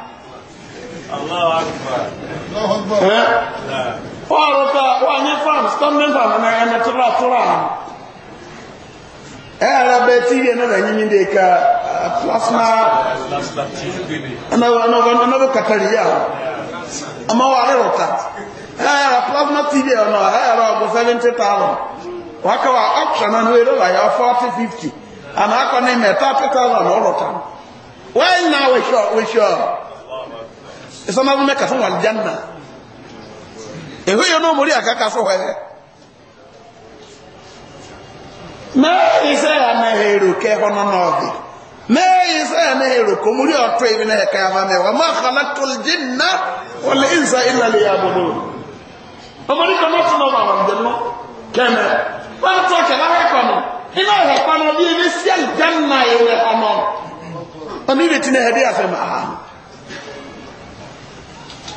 ọ̀rọ̀ ta wà ní farm standing farm ẹ̀mẹ̀ ẹ̀mẹ̀ tura tura ẹ̀rọ bẹ tí yẹ náà yìí ní ẹ̀ka plasma ẹ̀nàwó katari yà ọmọ wà rẹ̀ rọ̀ta ẹ̀rọ plasma tv ọ̀nà ẹ̀rọ ọgbọ̀n seventy thousand wà kọ́wà option náà wẹ̀rọ wà yà forty fifty àmà akọ ní mẹ́ta thirty thousand ọ̀rọ̀ ta wẹ́n náà wẹ̀ sọ wẹ̀ sọ ìsọmọ́gbọ́n mẹ́ka fún wàlìjánà èhú yóò náà mórí àkàkà fún wẹ́rẹ́ mẹ́rin sẹ́ àmà èrò kẹ́họ́ nọ́nà ọ̀dì mẹ́rin sẹ́ àmà èrò kò mórí ọ̀tọ́ ìbí náà ẹ̀ka àmà mẹ́wàá máa kàlá tọ́lìjì ná wọlé ìnsá ìlà lè yà bọ̀dọ̀ ọmọdé kan náà túnmọ̀ àwọn àjẹ náà kẹ́mẹ́ wọ́n tó kẹ́lá ẹ̀kọ́ nù iná ẹ̀kọ́ nù bí ebi sí àlìjánà èrò ẹ̀kọ́ ọmọ ìrètí náà ẹ̀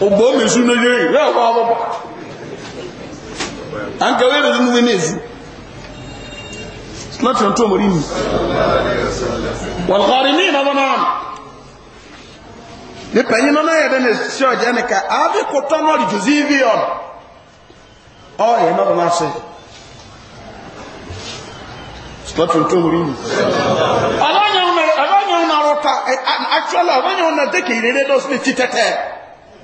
ogbo mezu n'oyiri wee kwa ọgbọgbọ a nke wee mezu n'uwe n'ezu láti ọ̀tọ́ mọ̀rí mi wọ̀lọ́rí ní ìnáwó náà nípa yìí náà yẹ̀dẹ́ ní ṣe ọ̀jẹ́ nìkan àbí kò tọ́ náà rí jùzí ibi ọ̀n ọ̀yẹ̀ náà náà ṣe láti ọ̀tọ́ mọ̀rí mi ọlọ́nyẹ̀wò náà rọ̀ta actually ọlọ́nyẹ̀wò náà dẹ́kẹ̀ ìrẹ́rẹ́ dọ́sí ní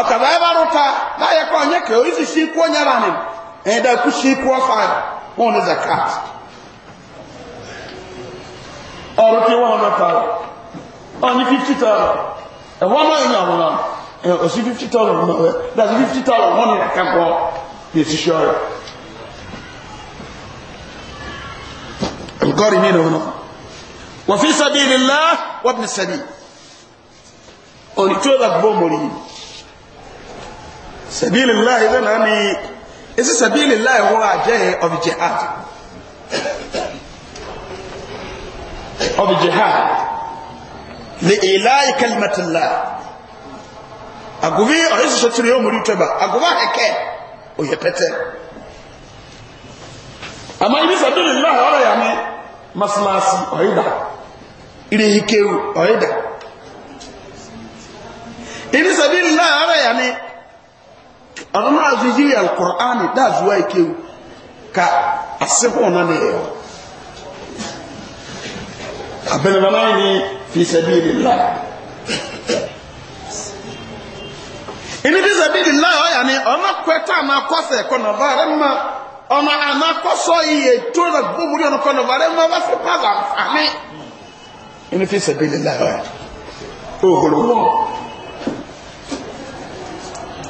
ọkaba ebe arụta na ya ka onye ka ozi si ikwu onye rani onye da kwu si ikwu ọfa wọn ni zakat ọrụ ti wọn ọdọ tara ọnyi fifty tara ẹwọn náà yẹn àwọn náà osi fifty tara ọmọ rẹ dasi fifty tara wọn ni ẹka kọ ní esi sọ rẹ nkọrin ní ìnáwó náà wọ́n fi sábẹ́ ilé ńlá wọ́n bí sábẹ́ òní tí ó bá gbọ́ mọ́rin sabili lahi dɛ naa ni esi sabili lahi wɔrɔ a jɛ ɔbi jihad ɔbi jihad li ilayi kalimatila agobi ɔyɛ soso tiri yɛ ɔmori tɛba agoba hɛkɛ oyɛ pɛtɛ ama ibi sabili lahi ɔrɔ ya ani masalasi ɔyɛ da irehikewu ɔyɛ da ibi sabili lahi ɔrɔ ya n'i. ọdún azụzi ya alkùránì dáàzúwa ikewu ka asịkwụ na na-eyo abịnabana anyị fi sabili laa ini fi sabili laa ọ ya ni ọna kweta na akọsa ẹkọ na ọba rẹmma ọna anakọsọ iye tó na gbogbo ọna kọ na ọba rẹmma ọba fi pàlà àmì ini fi sabili laa ọ ya ohoro wọn.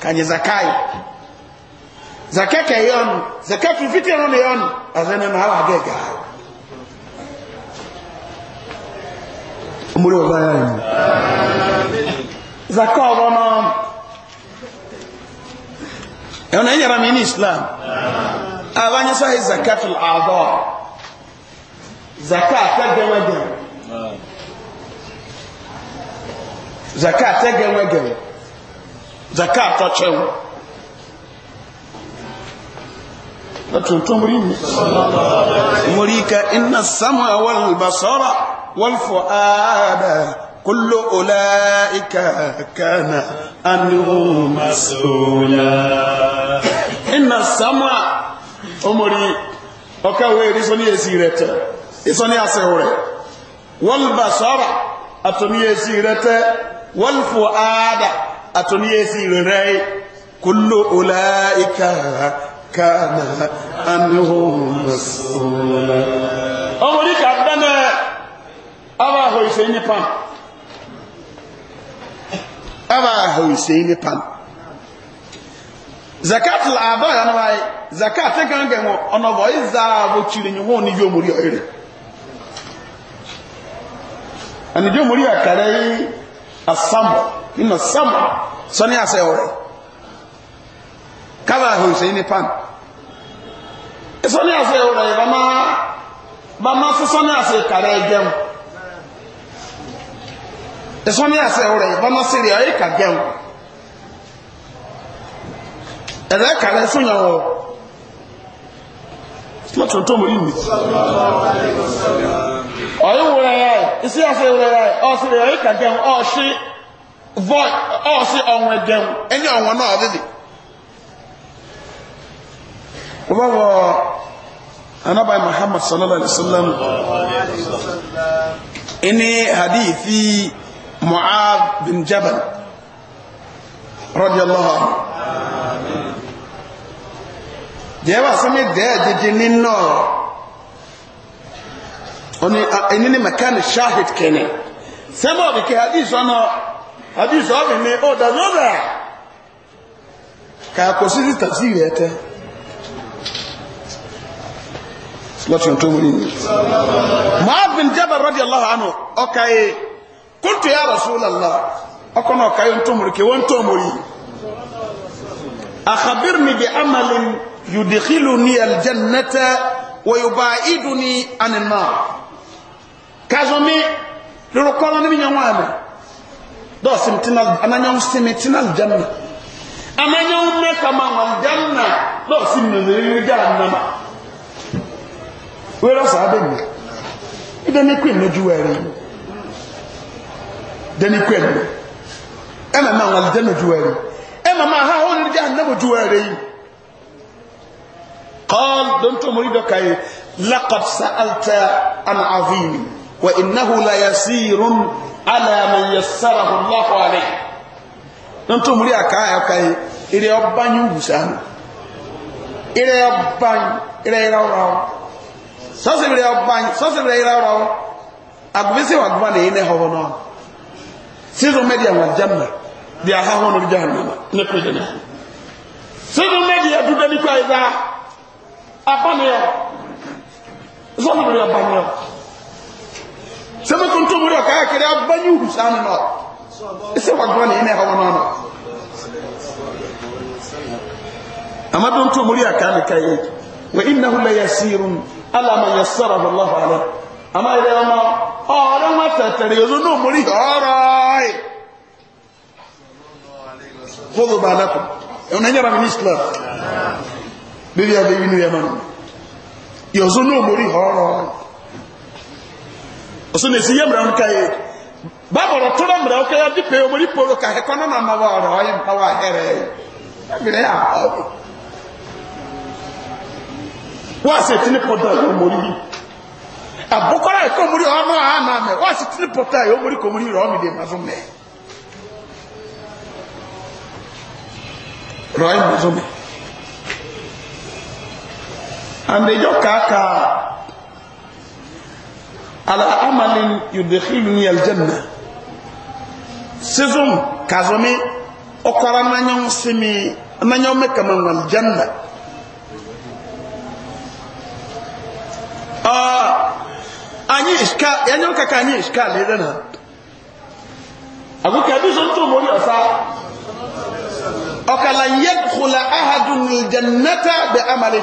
kanye zakai zakeke yonu zaketu fiti yonu yonu azene na hawa agega umuri wa baya yonu zaka e obono yonu enyara mini islam abanye sahi e zakatu al-adha zakat tegewe gewe zakat tegewe zaka atɔkyɛw na tuntum ri mu murika inna sama wal basara wal fuada kullu ulaika kana anhu masula inna sama omori oka we ri so ni esi atomi esi rete atoniyesi rere kullu ulaika kana anhum masula omuri ka dana aba ho iseni pan aba ho iseni pan zakat al aba yana wai zakat kan ga mo ono boy za bo chiri nyu ho ni yo muri oyire ani jo muri akare asam inna sama sani ase ore kaba hun se ni pan e sani ase ore ba ma ba ma so sani ase kare gem e sani ase ore ba ma siri ayi e ka gem ele kare so yan o mo tun to mo ri ni ọ̀yún wúrẹ̀ rẹ̀ iṣẹ́ àṣẹ wúrẹ̀ rẹ̀ ọ̀sìn rẹ̀ ọ̀yún kàgẹ̀ ọ̀ṣin voice ọ̀sí ọ̀wọ̀n ẹ̀dẹ̀wò ẹni ọ̀wọ̀n náà dídì wọ́n wọ anábà muhammad sallallahu alaihi wasallam ẹni hadithi mu'ad bin jabal radiyallahu anhu jẹ́wà sami dẹ́ẹ̀ jẹjẹ nínú ẹni ni mẹkáni shahid kẹ́ni sẹ́mọ̀ bí kẹ́ hadith ọ̀nà àdìsọ́ ọ̀mìnì ọ̀dà lọ́dà kàkò sí ní tàbí rẹ̀ tẹ́ lọ́tún tó múlí ní mọ́bìn jẹ́bà rọ́dí aláwọ̀ ánù ọkàyè kúntù yà rọ̀súlọ́lá ọkọ̀nà ọkàyè tó múlí kí wọ́n tó múlí àkàbírmi bí amalin yùdìkílù ní aljannata wọ̀yọ̀bà ìdù ní anìmá kazumi lórúkọ́ lọ́nà níbi yẹn wọ́n àmì dɔɔsi tina ananyɔn simi tina aljanna ananyɔn mɛ kama aljanna dɔɔsi nenere gya anama wɛrɛ saa bɛ mi ɛdani kwe nneju wɛrɛ yi dani kwe nnɛ ɛna ma aljanna ju wɛrɛ yi ɛna ma ha wɔn nenere gya anama ju wɛrɛ yi kɔɔl donto mori dɔ ka ye lakɔt sa alta an ala man yassarahu Allahu alayhi nto muri aka aka ire obanyu gusana ire obanyu ire ira ora sase ire obanyu sase ire ira ora agbese wa gba le ine hobo no sizo media wa janna dia ha hono jahannama ne ko jana sizo media du dali ko aiza apane sɛmɛ tonto mu yɛ kaa kiri aba nyi husan nɔ ɛsɛ wagbɔ ne yinɛ hɔn nɔ ama tonto mu yɛ kaa ne ka yɛ wa inna hu la yasirun ala ma yasara allah ala ama yɛrɛ ɔmɔ ɔɔrɔ ma tɛtɛrɛ yɛ zɔn n'o mori hɔrɔ ye fɔlɔ b'a ọsùn èsì yẹ mìíràn ká ka bábọ̀rọ̀ tó rẹ̀ mìíràn ká yẹ dípẹ́ omori polo ká ẹ̀kọ́ náà máa wọ ọ̀rọ̀ ọ̀yẹ́ nǹkan ya hẹ́rẹ́ yẹ mìíràn yà ọ́ wọ́n àṣẹ tí ní pọ̀tà yẹ omori omori على عمل يدخلني الجنة سيزم كازومي أقرأ من يوم سمي من يوم كمان الجنة آه أني إشكال يعني يوم كأني إشكال لذا أقول كأبيس أنتم مولي أصاب أقول لن يدخل أحد الجنة بعمله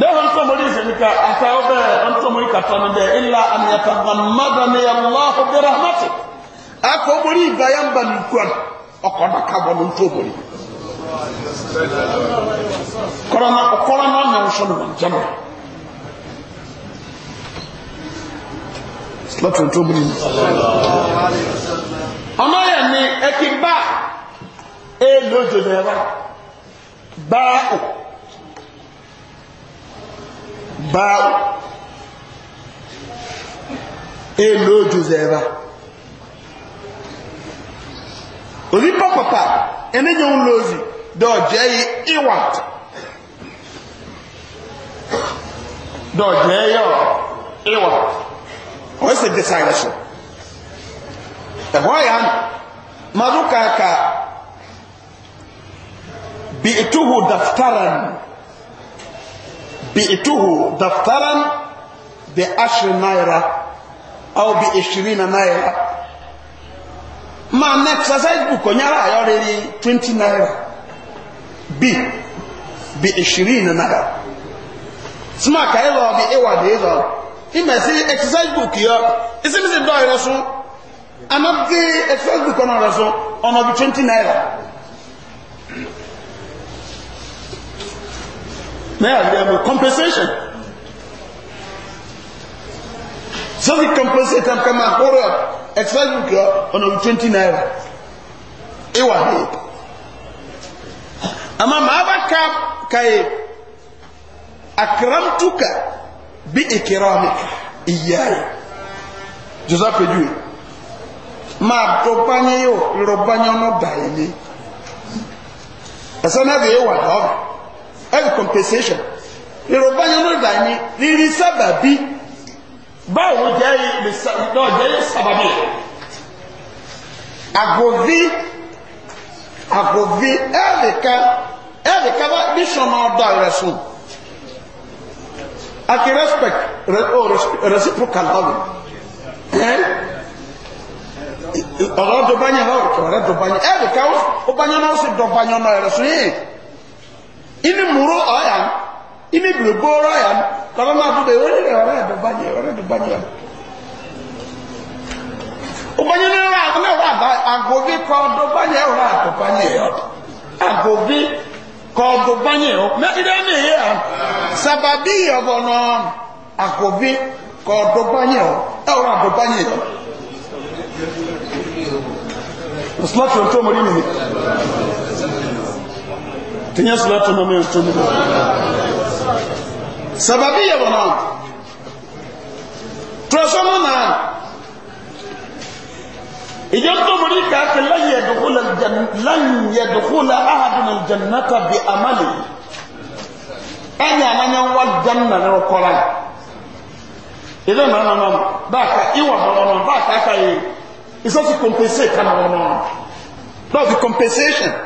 dẹ́wọ̀n ń tọ́mọ̀ aka obere àfẹ́ ọbẹ̀ ń tọ́mọ̀ ní kàtọ́ ní bẹ́ẹ̀ ńlá àmìyàtà gbàmọ́dà ní aláhù bẹ̀rẹ̀ àmàtì akọ̀ọ́mọ̀ ní ìgbàyà ń bà ní ikú ọ̀nà ọkọ̀ dàkà bọ̀ ní tọ́mọ̀ ní. kọ́rọ́nà ọ̀kọ́rọ́ ba elo joseph ozi papapa enenye ụlọ ozi dọjee iwa dọjee e ya iwa o si desaịrị so ẹhọ ya mmadụ ka ka bi etuhu daftaran بعته دفترا بعشر نايرة أو بعشرين نايرة ما نكسسايز بوكو نيارا يوريري 20 نايرة بي بعشرين نايرة سما كايلو بإيوا ديزو إما سي اكسسايز بوك يو إسمي سي دوي رسو أنا بي اكسسايز بوكو نارسو أنا بي 20 نايرة They are their compensation. So they compensate and come and order expense book on 20 naira. Ewa he. Ama maaba ka kai akramtuka bi ikramika iyai. Joseph Edu. Ma dobanye yo, robanye no dai ni. Asa de ewa ho heavy compensation yorùbá yẹn ló dà ní rírí sábàbí báwo jẹ́ náà jẹ́ sábàbí àgòví àgòví ẹ̀ẹ́dìka ẹ̀ẹ́dìka bá bíṣọ̀ máa dọ̀ rẹ̀ sùn àti respect oh reciprocal lọ́wọ́ ọ̀rọ̀ dọ̀bányẹ̀ ọ̀rọ̀ dọ̀bányẹ̀ ẹ̀ẹ́dìka ó bányẹ̀ náà ó sì dọ̀bányẹ̀ náà rẹ̀ sùn yìí ini muru ayam, ini gbogbo ọya kọ́nà máa dúdú ìwé rẹ̀ ọ̀rẹ́ ìdọ̀bányẹ ọ̀rẹ́ ìdọ̀bányẹ. ọgbọ́nyẹ ní ọ̀rẹ́ àgbọ̀n ọ̀rẹ́ àgbà àgòbí kọ́ ọ̀dọ̀bányẹ ọ̀rẹ́ àgòbányẹ àgòbí kọ́ ọ̀dọ̀bányẹ ọ̀ mẹ́tìdẹ́ ní dia? à sábàbí ọ̀bọ̀ náà àgòbí kọ́ orang ọ̀rẹ́ àgòbányẹ ọ̀ mùsùlùmí tó mọ̀ tinya salatu na mai tun sababi ya wana to so mana idan to muri ka ka lan yadkhul al lan yadkhul ahadun al jannata bi amali anya nanya wal janna na kola idan na na ba ka iwa ba ka ka yi isa su compensate kana wana that's the compensation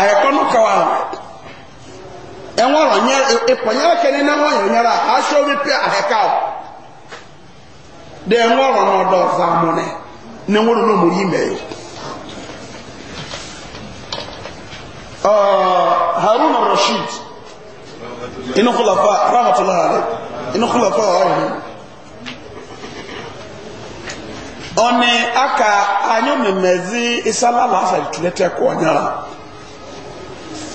ayẹkọnu kawa ẹwọn ọnyẹ ìpọnyẹ kẹni náà wọn yẹ nyẹra aṣọ mi pẹ ahẹka o de ẹwọn ọrọ náà ọdọ ọfaamu nẹ ne wọn yi mọ yí mẹyọ. haruna rasheed inú rahmatulah alẹ inú kulafa ọnụ aka anyọ isalala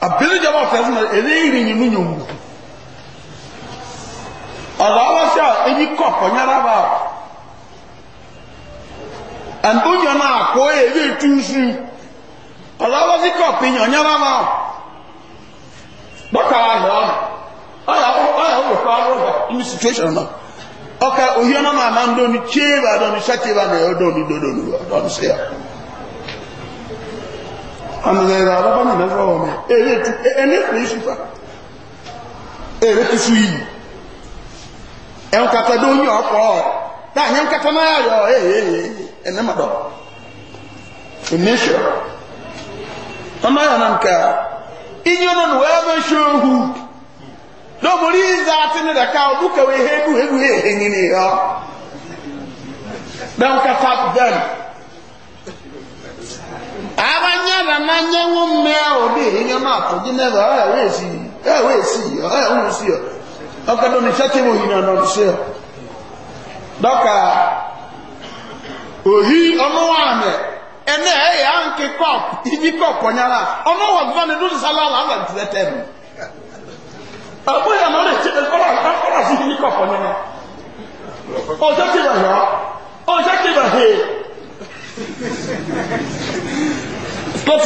abili jama fẹsẹ na ere iri nyinu nyonu ọdọ awọsẹ a enyi kọpọ nyara ba ẹnbúnyọ náà kọ ẹ ebi etu nsu ọdọ awọsẹ kọpọ nyọ nyara ba dọkà ahịa ọyà ọyà ọwọkọ ọrọba ní situation náà ọkà ohiẹ náà máa máa ń dọ ní kyeeba dọ ní sẹkyeeba náà ẹ dọ ní dodo ní wa dọ ní sẹyà amẹ́rẹ́ alábá ní mẹ́fà ọmọ èrè tí ẹni ẹ̀kùn ìṣúfà èrè tí sú yìí ẹ̀hùn kàtà ló yí ọ̀pọ̀ láàyè kàtà máa yọ èèyè ẹ̀nẹ́ mọ̀dọ̀ ìníṣọ́ ọmọ yàrá nkà iye nínú wẹ́ẹ́ bẹ́ ṣe ohu lọ́mọrí ìzá àti ní dàkà ọdúnkàwé hẹ́ẹ́dù hẹ́ẹ́dù hẹ́ẹ́hẹ́ nínú ìhọ́ bẹ́ẹ̀ kàtà bẹ́ẹ̀ abanyara n'anya nwo mmea obi ihe maatụ gị n'ebe ọ ewe esi ewe esi ewe esi ọ ọkọdọ n'isa bụ si dọka ohi ọnụ nwaanyị ene eyi a nke kọp iji kọp ọnyara ọnụ ụwa gụba na edozi sala ala ala ntụle ọ bụghị na ọ na-eche ọrụ ọrụ ọrụ ọrụ ọrụ ọrụ ọrụ ọrụ ọrụ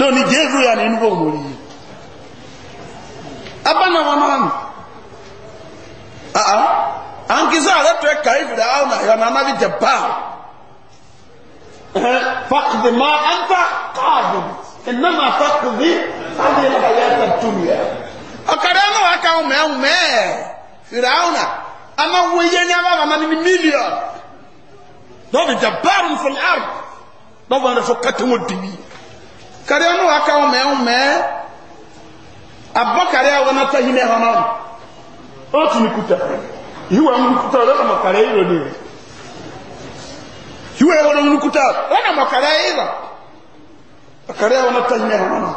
náà ni jésù yà ní inú bò mórí yìí abáná wọn náà nù àá à ń kíso àrẹ tó ẹ kàrí fìdá àwọn àyọ náà náà bí jẹ báà fàkìdì máa ń bá káàdì ìnáma fàkìdì sáàdì ìlànà yà tà tùmù yà ọ̀kadà náà wà ká ọmọ ẹ̀hún mẹ́ẹ̀ fìdá àwọn à ama wo yẹ ní abá bàmá ní mílíọ̀nù lọ́ọ̀dì jẹ báà ń fọlẹ́ àrùn lọ́ọ̀dì wọn fọ kàtẹ́wọ̀n kari ɔno aka wɔn mɛɛ mɛɛ abɔ kari a wɔn ata yi na ɛhɔ na ɔtu ne kuta yiwa mu kuta ɔdɔ na mɔkari ayi lɔ ne yiwa yɛ wɔn mu kuta ɔdɔ na mɔkari ayi lɔ ɔkari a wɔn ata yi na ɛhɔ na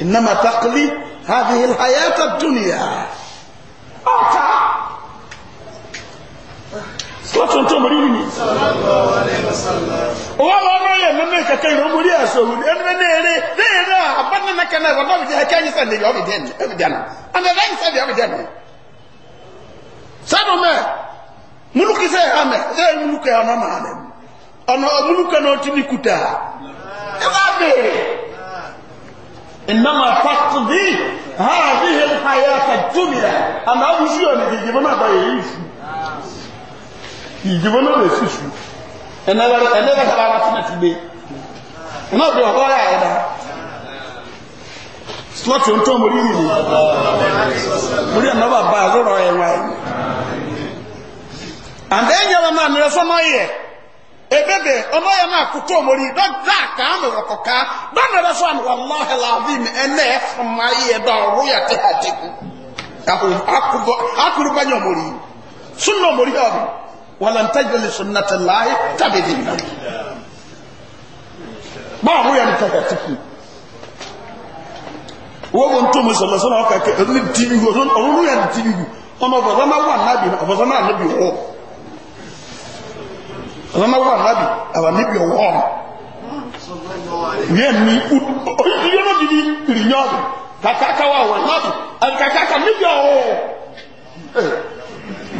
innama hayata duniya ɔtaa látún tó mọ̀rí nìyí. Owó àwọn ọmọ yẹn nínú ìkẹkẹ ìrọ̀ mú rí àṣòwò ní ẹnu ní eré ní eré àbánínà kan náà rọ̀bọ̀ bìí ẹkẹ́ ẹ̀yìn sẹ́ndì ọ̀bì dẹ́nu ẹ̀bì dẹ́nu ọ̀nà ẹ̀yìn sẹ́ndì ọ̀bì dẹ́nu. Sẹ́nu mẹ́ múlùkì sẹ́ ẹ̀ hàmẹ́ ẹ̀ ẹ̀ múlùkì ẹ̀ ọ̀nà màá mẹ́ ọ̀nà múlùkì náà ti ní kùtà ẹ̀ bá bèèrè. إنما تقضي هذه الحياة الدنيا أنا أوشي أنا بيجي ما ìjìbó náà lè sí su ẹnẹ́bẹ̀ sábà wá sílẹ̀ ti gbé náà bí ọ̀họ́ yà ẹ̀dá slọ́tì ohun tó mórí nìyí mórí ẹ̀nàbà bá náà mìíràn yẹ ebebe ọmọ yẹn náà kótó mórí dọ́dá kàánù ọ̀kọ̀ká dọ́nà rẹ̀ sọ́nà wàláhẹ̀ làbíìn ẹ̀nẹ́ ẹ̀fọ̀mà yẹ dọ̀ ọ̀rọ̀ yà tẹ́ àtẹ́kù akùrùbányọ̀ ولن تجد لسنة الله تبديلا ما هو kẹkẹ tìkì wọ́n wọ́n tó mu sọ̀rọ̀ sọ̀rọ̀ ọkà kẹ ẹni tìbí wù ọ̀run yẹn tìbí wù ọmọ ọ̀bọ̀dọ̀ máa wà nábì ọ̀bọ̀dọ̀ máa níbi wọ́ ọ̀bọ̀dọ̀ máa wà nábì àwà níbi wọ́ ọ̀mọ̀ yẹn ní ìyẹn náà bìbí rìnyọ́ọ̀dù kàkàkà wà wà nábì àkàkà níbi ọ̀wọ́.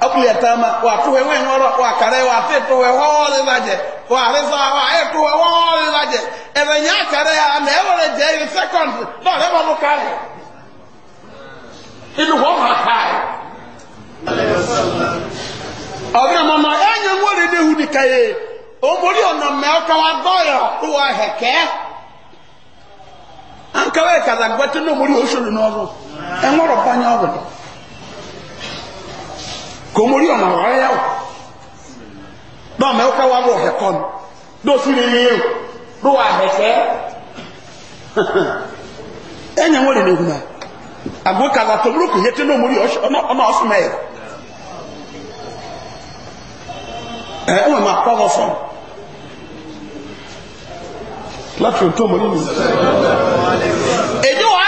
akuli atama watuwe wenwara wakare watetuwe wawole baje wareza waetuwe wawole baje ebenya kare ya nebole je in second e no lebo nukare ilu woma kai ọbịa mama enye ka n'ihu dịka ya omori ọna mmeka wa dọya ụwa heke ankawa ekada gwete n'omori osoro n'ọrụ enwere ọbanye ọbụla kò mórí ọ̀nà ọ̀rọ̀ ẹ̀yà ọ̀ náà mẹ́wọ́ ká wá bọ̀ ọ̀hẹ̀ kọ́ ni ló sì rí ní ẹ̀rù ló wà àhẹ̀fẹ́ [laughs] ẹ̀yẹ̀ wọ́n lè lè hùnà àgbọ̀ kàlà tó burúkú yẹ tí ló ọ̀nà ọ̀sùn mẹ́yẹ̀ ẹ̀ ẹ̀ wọ́n máa kọ́ wọ́n fún láti ọ̀tọ́ mọ́rí mi èyí wà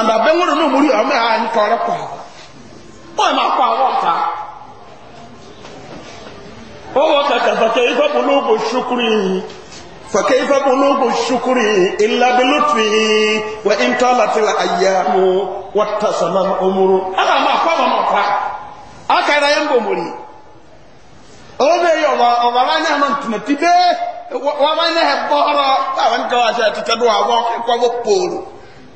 and abẹ wọn nínú omori anyi ọ ẹ máa kọ àwọn ọta ó wọ kàkà shukuri ifá bolo ogo sukuri fàkẹ́ ifá bolo ogo sukuri ìlàbẹlótì wà ìntàlàtìlà àyàmú wà tàṣàmà omoro ẹnna máa kọ àwọn ọta akara yẹn bọ omori ọba ọba ti bẹẹ wà wà ọrọ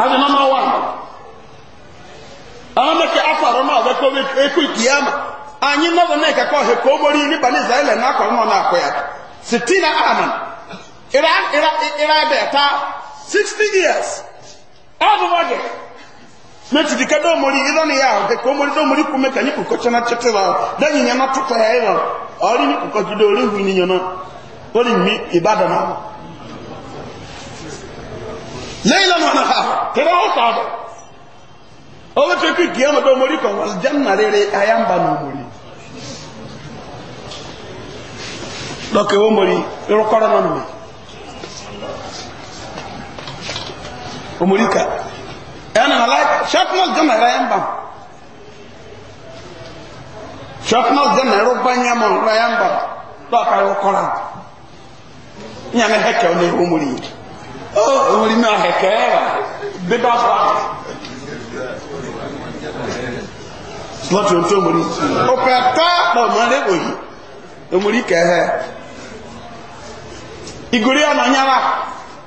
ani mama wa ama ke afaro na ọbẹ kọ eku anyị nọrọ na ịkakọ ọhịa ka o mori n'iba na israel na akọ nwa na-akọ ya siti na aman ta 60 years ọdụmọ gị mẹtìdì kẹdọ mori na ya ahụ ka o mori mori kume ka anyị kụkọcha ya na tụtọ ya ịrọ lẹ́yìn lọ́nà ọ̀nà ààrẹ tẹ́lẹ̀ ó sọ̀rọ̀ owó tó kí kí ọmọdé omori kan wọ́n jẹ́nà rere ayámbá O omori lọ́kẹ̀ omori irúkọ́rọ́ náà nùmẹ̀ omori ká ẹ̀yàn náà láì ṣọ́pínọ́sì jẹ́nà rẹ̀ ayámbá ṣọ́pínọ́sì jẹ́nà rẹ̀ ọgbányámọ̀ rẹ̀ ayámbá lọ́kẹ̀ irúkọ́rọ́ ní àmì hẹ́kẹ̀ ọ̀nà omori yìí ó orí máa kẹ̀kẹ́ rà bíbá fà láti ohun tó mọ̀rí ọ̀pẹ̀ pàápọ̀ mọ́ lẹ́gbò yìí omori kẹ̀ẹ́ ìgòrí ọ̀nà nyára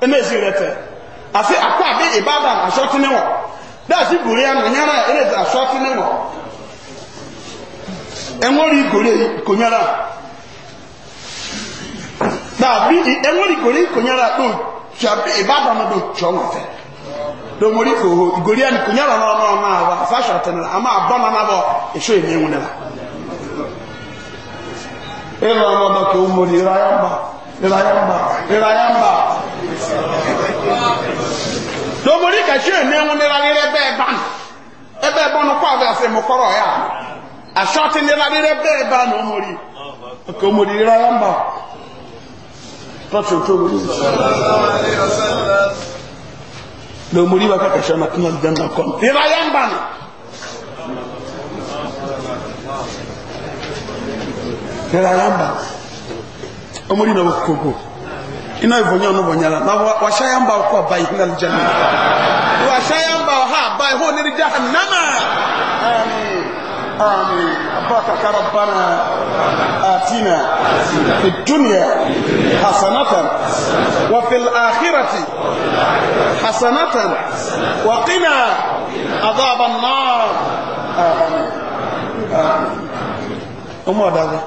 ẹ̀mẹ́sì rẹ̀ tẹ̀ àfi àpá àbí ìbádàn àṣọ́tí níwọ̀n dáàsì ìgòrí ọ̀nà nyára ẹ̀mẹ́sì bi ìbádàn náà tí ọmọ fẹ́ lomori ko ho ìgòrí ẹni kò nyẹ́rọ náà náà náà wá fáṣọ tẹ̀lé àmọ́ àbọ̀nà náà bọ̀ èso èmi ń nira. ìlànà ọmọdé kò mórí ìráyàmbá ìráyàmbá ìráyàmbá. lomori kàṣí ya tọ́tù tó wúlò yìí. lomori wa kaka sọ ma kí wọn dán náà kọ́ mi. ìrà yẹn ń bà mí. ìrà yẹn ń bà mí. omori náà wọ kókó iná ìbònyá ọ̀nà bònyára náà wà ṣáyà ń bá ọkọ̀ àbáyé iná lè mi. wà ṣáyà ń bá ọ̀há àbáyé hó ní ní jahannama. آمين ربك ربنا آتنا في الدنيا حسنة وفي الآخرة حسنة وقنا عذاب النار آمين آمين أمو أدابي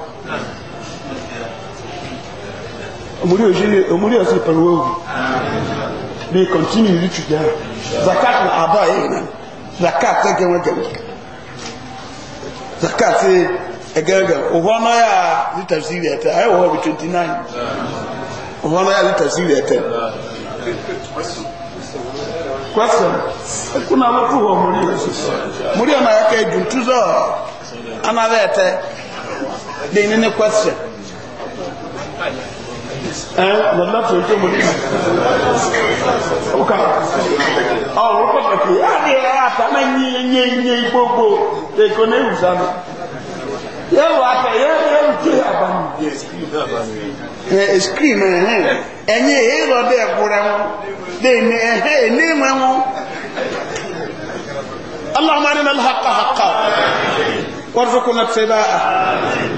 omori ojele omori ọsẹ pẹlú ogun they continue to do that zakat na aba eyi eh, na zakat tẹgẹ wọn gẹwẹ zakati egaga uhwana ya litafsiri ete ayo ho 29 uhwana ya litafsiri ete question kuna watu wa muri muri ana yake juntuzo ana vete de nene question ẹ lọ́nà tó tó mo ní ọkà ọ̀rọ̀ pàtàkì láti ẹ̀ àtàmà nyẹ nyẹ nyẹ gbogbo èkó ní ìwùsà mi yẹ wà fẹ yẹ yẹ wùdí àbámu. ẹ screen ẹ hẹn ẹnyẹ èyí lọ dé wọn dé ẹnẹ ẹhẹ wọn. اللهم ارنا الحق حقا وارزقنا اتباعه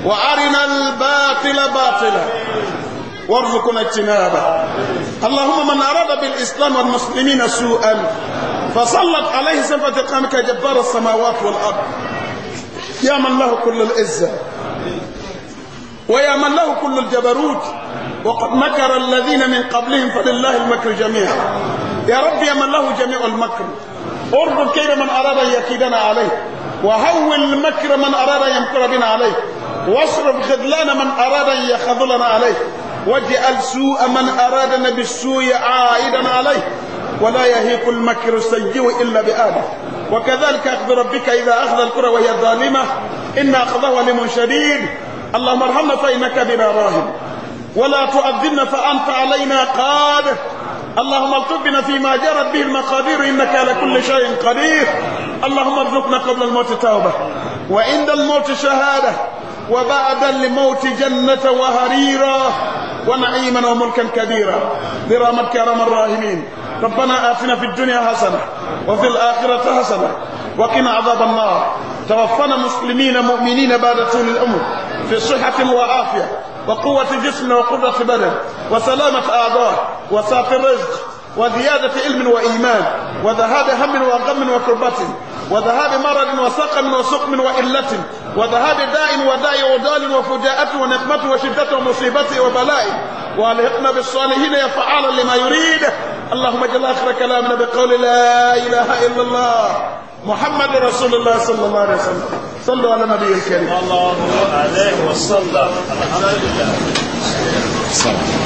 وارنا الباطل باطلا وارزقنا اجتنابه اللهم من أراد بالإسلام والمسلمين سوءا فصلت عليه سنفة قامك جبار السماوات والأرض يا من له كل العزة ويا من له كل الجبروت وقد مكر الذين من قبلهم فلله المكر جميعا يا رب يا من له جميع المكر ارض كيد من أراد أن يكيدنا عليه وهول المكر من أراد أن يمكر بنا عليه واصرف خذلان من أراد أن يخذلنا عليه واجعل سوء من أرادنا بالسوء عائدا عليه ولا يهيق المكر السيئ إلا بآله وكذلك أخذ ربك إذا أخذ القرى وهي ظالمة إن أخذه لم شديد اللهم ارحمنا فإنك بنا راهب ولا تؤذن فأنت علينا قادر اللهم ارزقنا فيما جرت به المقادير إنك على كل شيء قدير اللهم ارزقنا قبل الموت توبة وعند الموت شهادة وبعد الموت جنة وهريرا ونعيما وملكا كبيرا برامتك يا رام الراهمين ربنا آتنا في الدنيا حسنة وفي الآخرة حسنة وقنا عذاب النار توفنا مسلمين مؤمنين بعد طول الأمر في صحة وعافية وقوة جسم وقدرة بدن وسلامة أعضاء وساق الرزق وزيادة علم وإيمان وذهاب هم وغم وكربة وذهاب مرض وسقم وسقم وإلة وذهاب داء وداء ودال وفجاءة ونقمة وشدة ومصيبة وبلاء وألحقنا بالصالحين يا فعالا لما يريد اللهم اجعل آخر كلامنا بقول لا إله إلا الله محمد رسول الله صلى الله عليه وسلم صلوا على نبي الكريم الله عليه وسلم الحمد لله